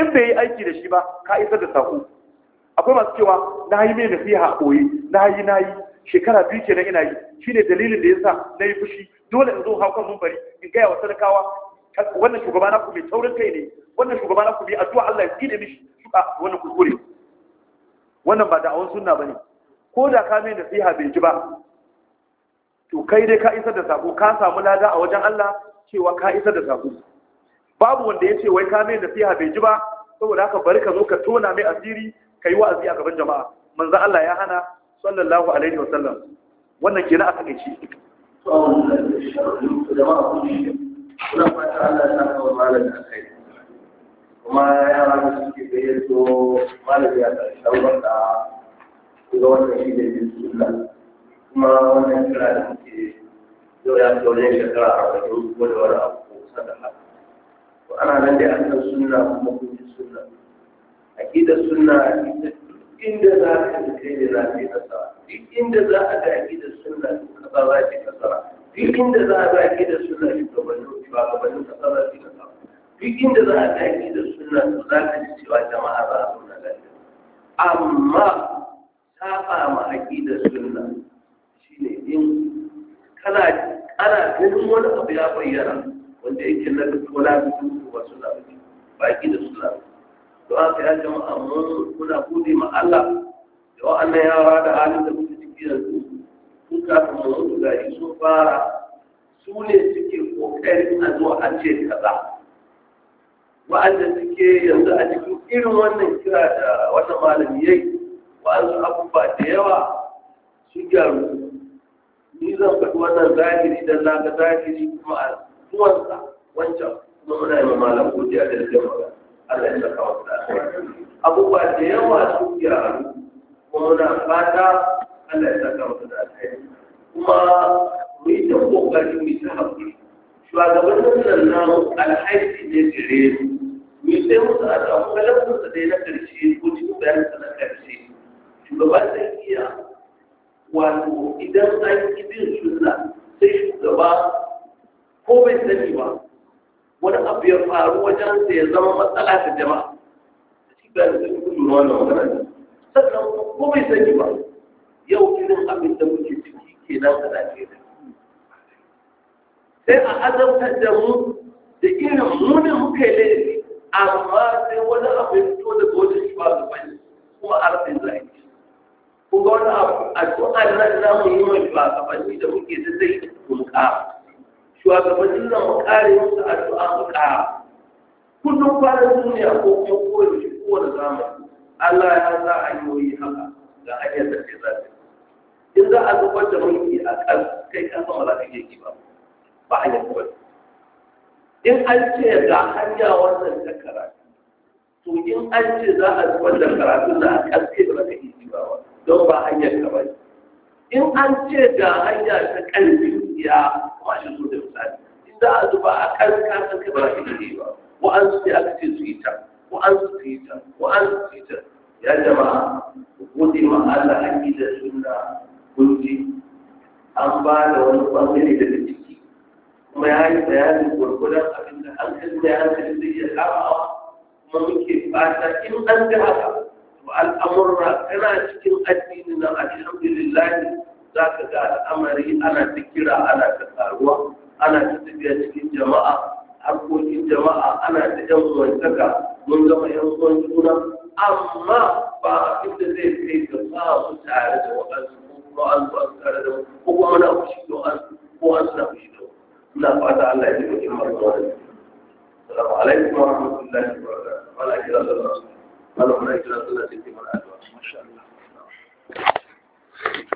in bai yi aiki da shi ba ka isar da sako akwai masu cewa na yi mai nasiha a ɓoye na yi na yi shekara biyu kenan ina yi shine dalilin da yasa na yi fushi dole in zo hau kan mumbari in gaya wa talakawa wannan shugaba na ku mai taurin kai ne wannan shugaba na ku mai addu'a Allah ya tsine mishi shuka wannan kuskure wannan ba awon sunna bane ko da ka mai nasiha bai ji ba to kai dai ka isar da sako ka samu lada a wajen Allah cewa ka isar da sako babu wanda ya ce wai ka mai nasiha bai ji ba saboda haka bari ka zo ka tona mai asiri ka yi wa'azi a gaban jama'a manzo Allah ya hana sallallahu alaihi wa sallam wannan kenan a takaice kuma yara da suke da ya malami a ƙarshen wanda ga wannan shi da suna kuma wannan kira da muke ya a wajen ko da wani abu ko ana nan da kuma inda za ka yi kai ne za ka yi nasara duk inda za a ga aki da sunna kasa za ka yi nasara duk inda za a ga aki da sunna ba shugabannin kasa za ka yi nasara duk inda za a ga aki da suna to za ka ji cewa jama'a za a zauna lafiya amma saba ma aki da suna shi ne in kana ana ganin wani abu ya bayyana wanda yake na fito na fito wasu na fito ba aki da suna sunna to aka ya jama'a mun muna gode ma Allah da wa'annan yara da halin da muke cikin yanzu sun kafin mu mutu gari sun fara su ne suke kokarin a zo an ce kaza wa'anda suke yanzu a cikin irin wannan kira da wannan malami yayi wa'ansu abubuwa da yawa sun gyaru ni zan faɗi wannan zahiri dan na ga zahiri kuma a zuwansa wancan kuma muna yi ma malam godiya da zai magana Allah ya saka wa abubuwa da yawa su gyaru kuma muna fata Allah ya saka wa kuma mu yi ta kokari mu yi ta haƙuri shugabannin nan namu alhaji ne gare mu mu yi sai musu a samu na ƙarshe ko cikin bayansa na ƙarshe shugaba zai iya wato idan an yi bin sunna sai shugaba ko bai sani ba wani abu ya faru wajen sa ya zama matsala ta jama'a shi ga da duk gudu da wannan sannan ko bai sani ba yau irin abin da muke ciki kenan a Najeriya sai a azabta da mu da irin munin muka yi laifi amma sai wani abu ya fito daga wajen shi ba su bane kuma a rafin zai ko ga wani abu a tsohon nan namu yi mai ba gabanni da muke da zai tunka shugabannin nan mu kare musu addu'a mu kara kullum kwanan duniya ko kuma kowane kowane zamani Allah ya sa hanyoyi haka ga hanyar da ke zafi in za a zubar da mulki a kan kai kan sama za ka iya ki ba ba hanyar kuma in an ce ga hanya wannan ta karatu to in an ce za a zubar da karatu na a kan kai ba za ka iya ki ba don ba hanyar ka ba in an ce ga hanya ta ƙarfi gaskiya kuma shi zo da misali za a zuba a kan kasar ka ba shi ne ba wa'ansu ne aka ce su yi ta wa'ansu su yi ta wa'ansu su yi ta ya jama'a ku gode ma Allah an yi da sunna kunji an ba da wani bangare daga ciki kuma ya yi bayanin gwargwadon abin da hankali da hankali zai iya kama kuma muke fata in an ga haka to al'amurra kana cikin addinin nan alhamdulillah za ka ga al'amari ana ta kira ana ta karuwa ana ta tafiya cikin jama'a harkokin jama'a ana ta yan zuwantaka mun gama yan zuwan juna amma ba abin da zai kai ga ba mu tare da waɗansu ko kuma an zuwa an tare da ko kuma na fushi da waɗansu ko an suna fushi da ina fata Allah ya taimake mu da wannan alaikum wa rahmatullahi wa barakatuh wa wa masha Allah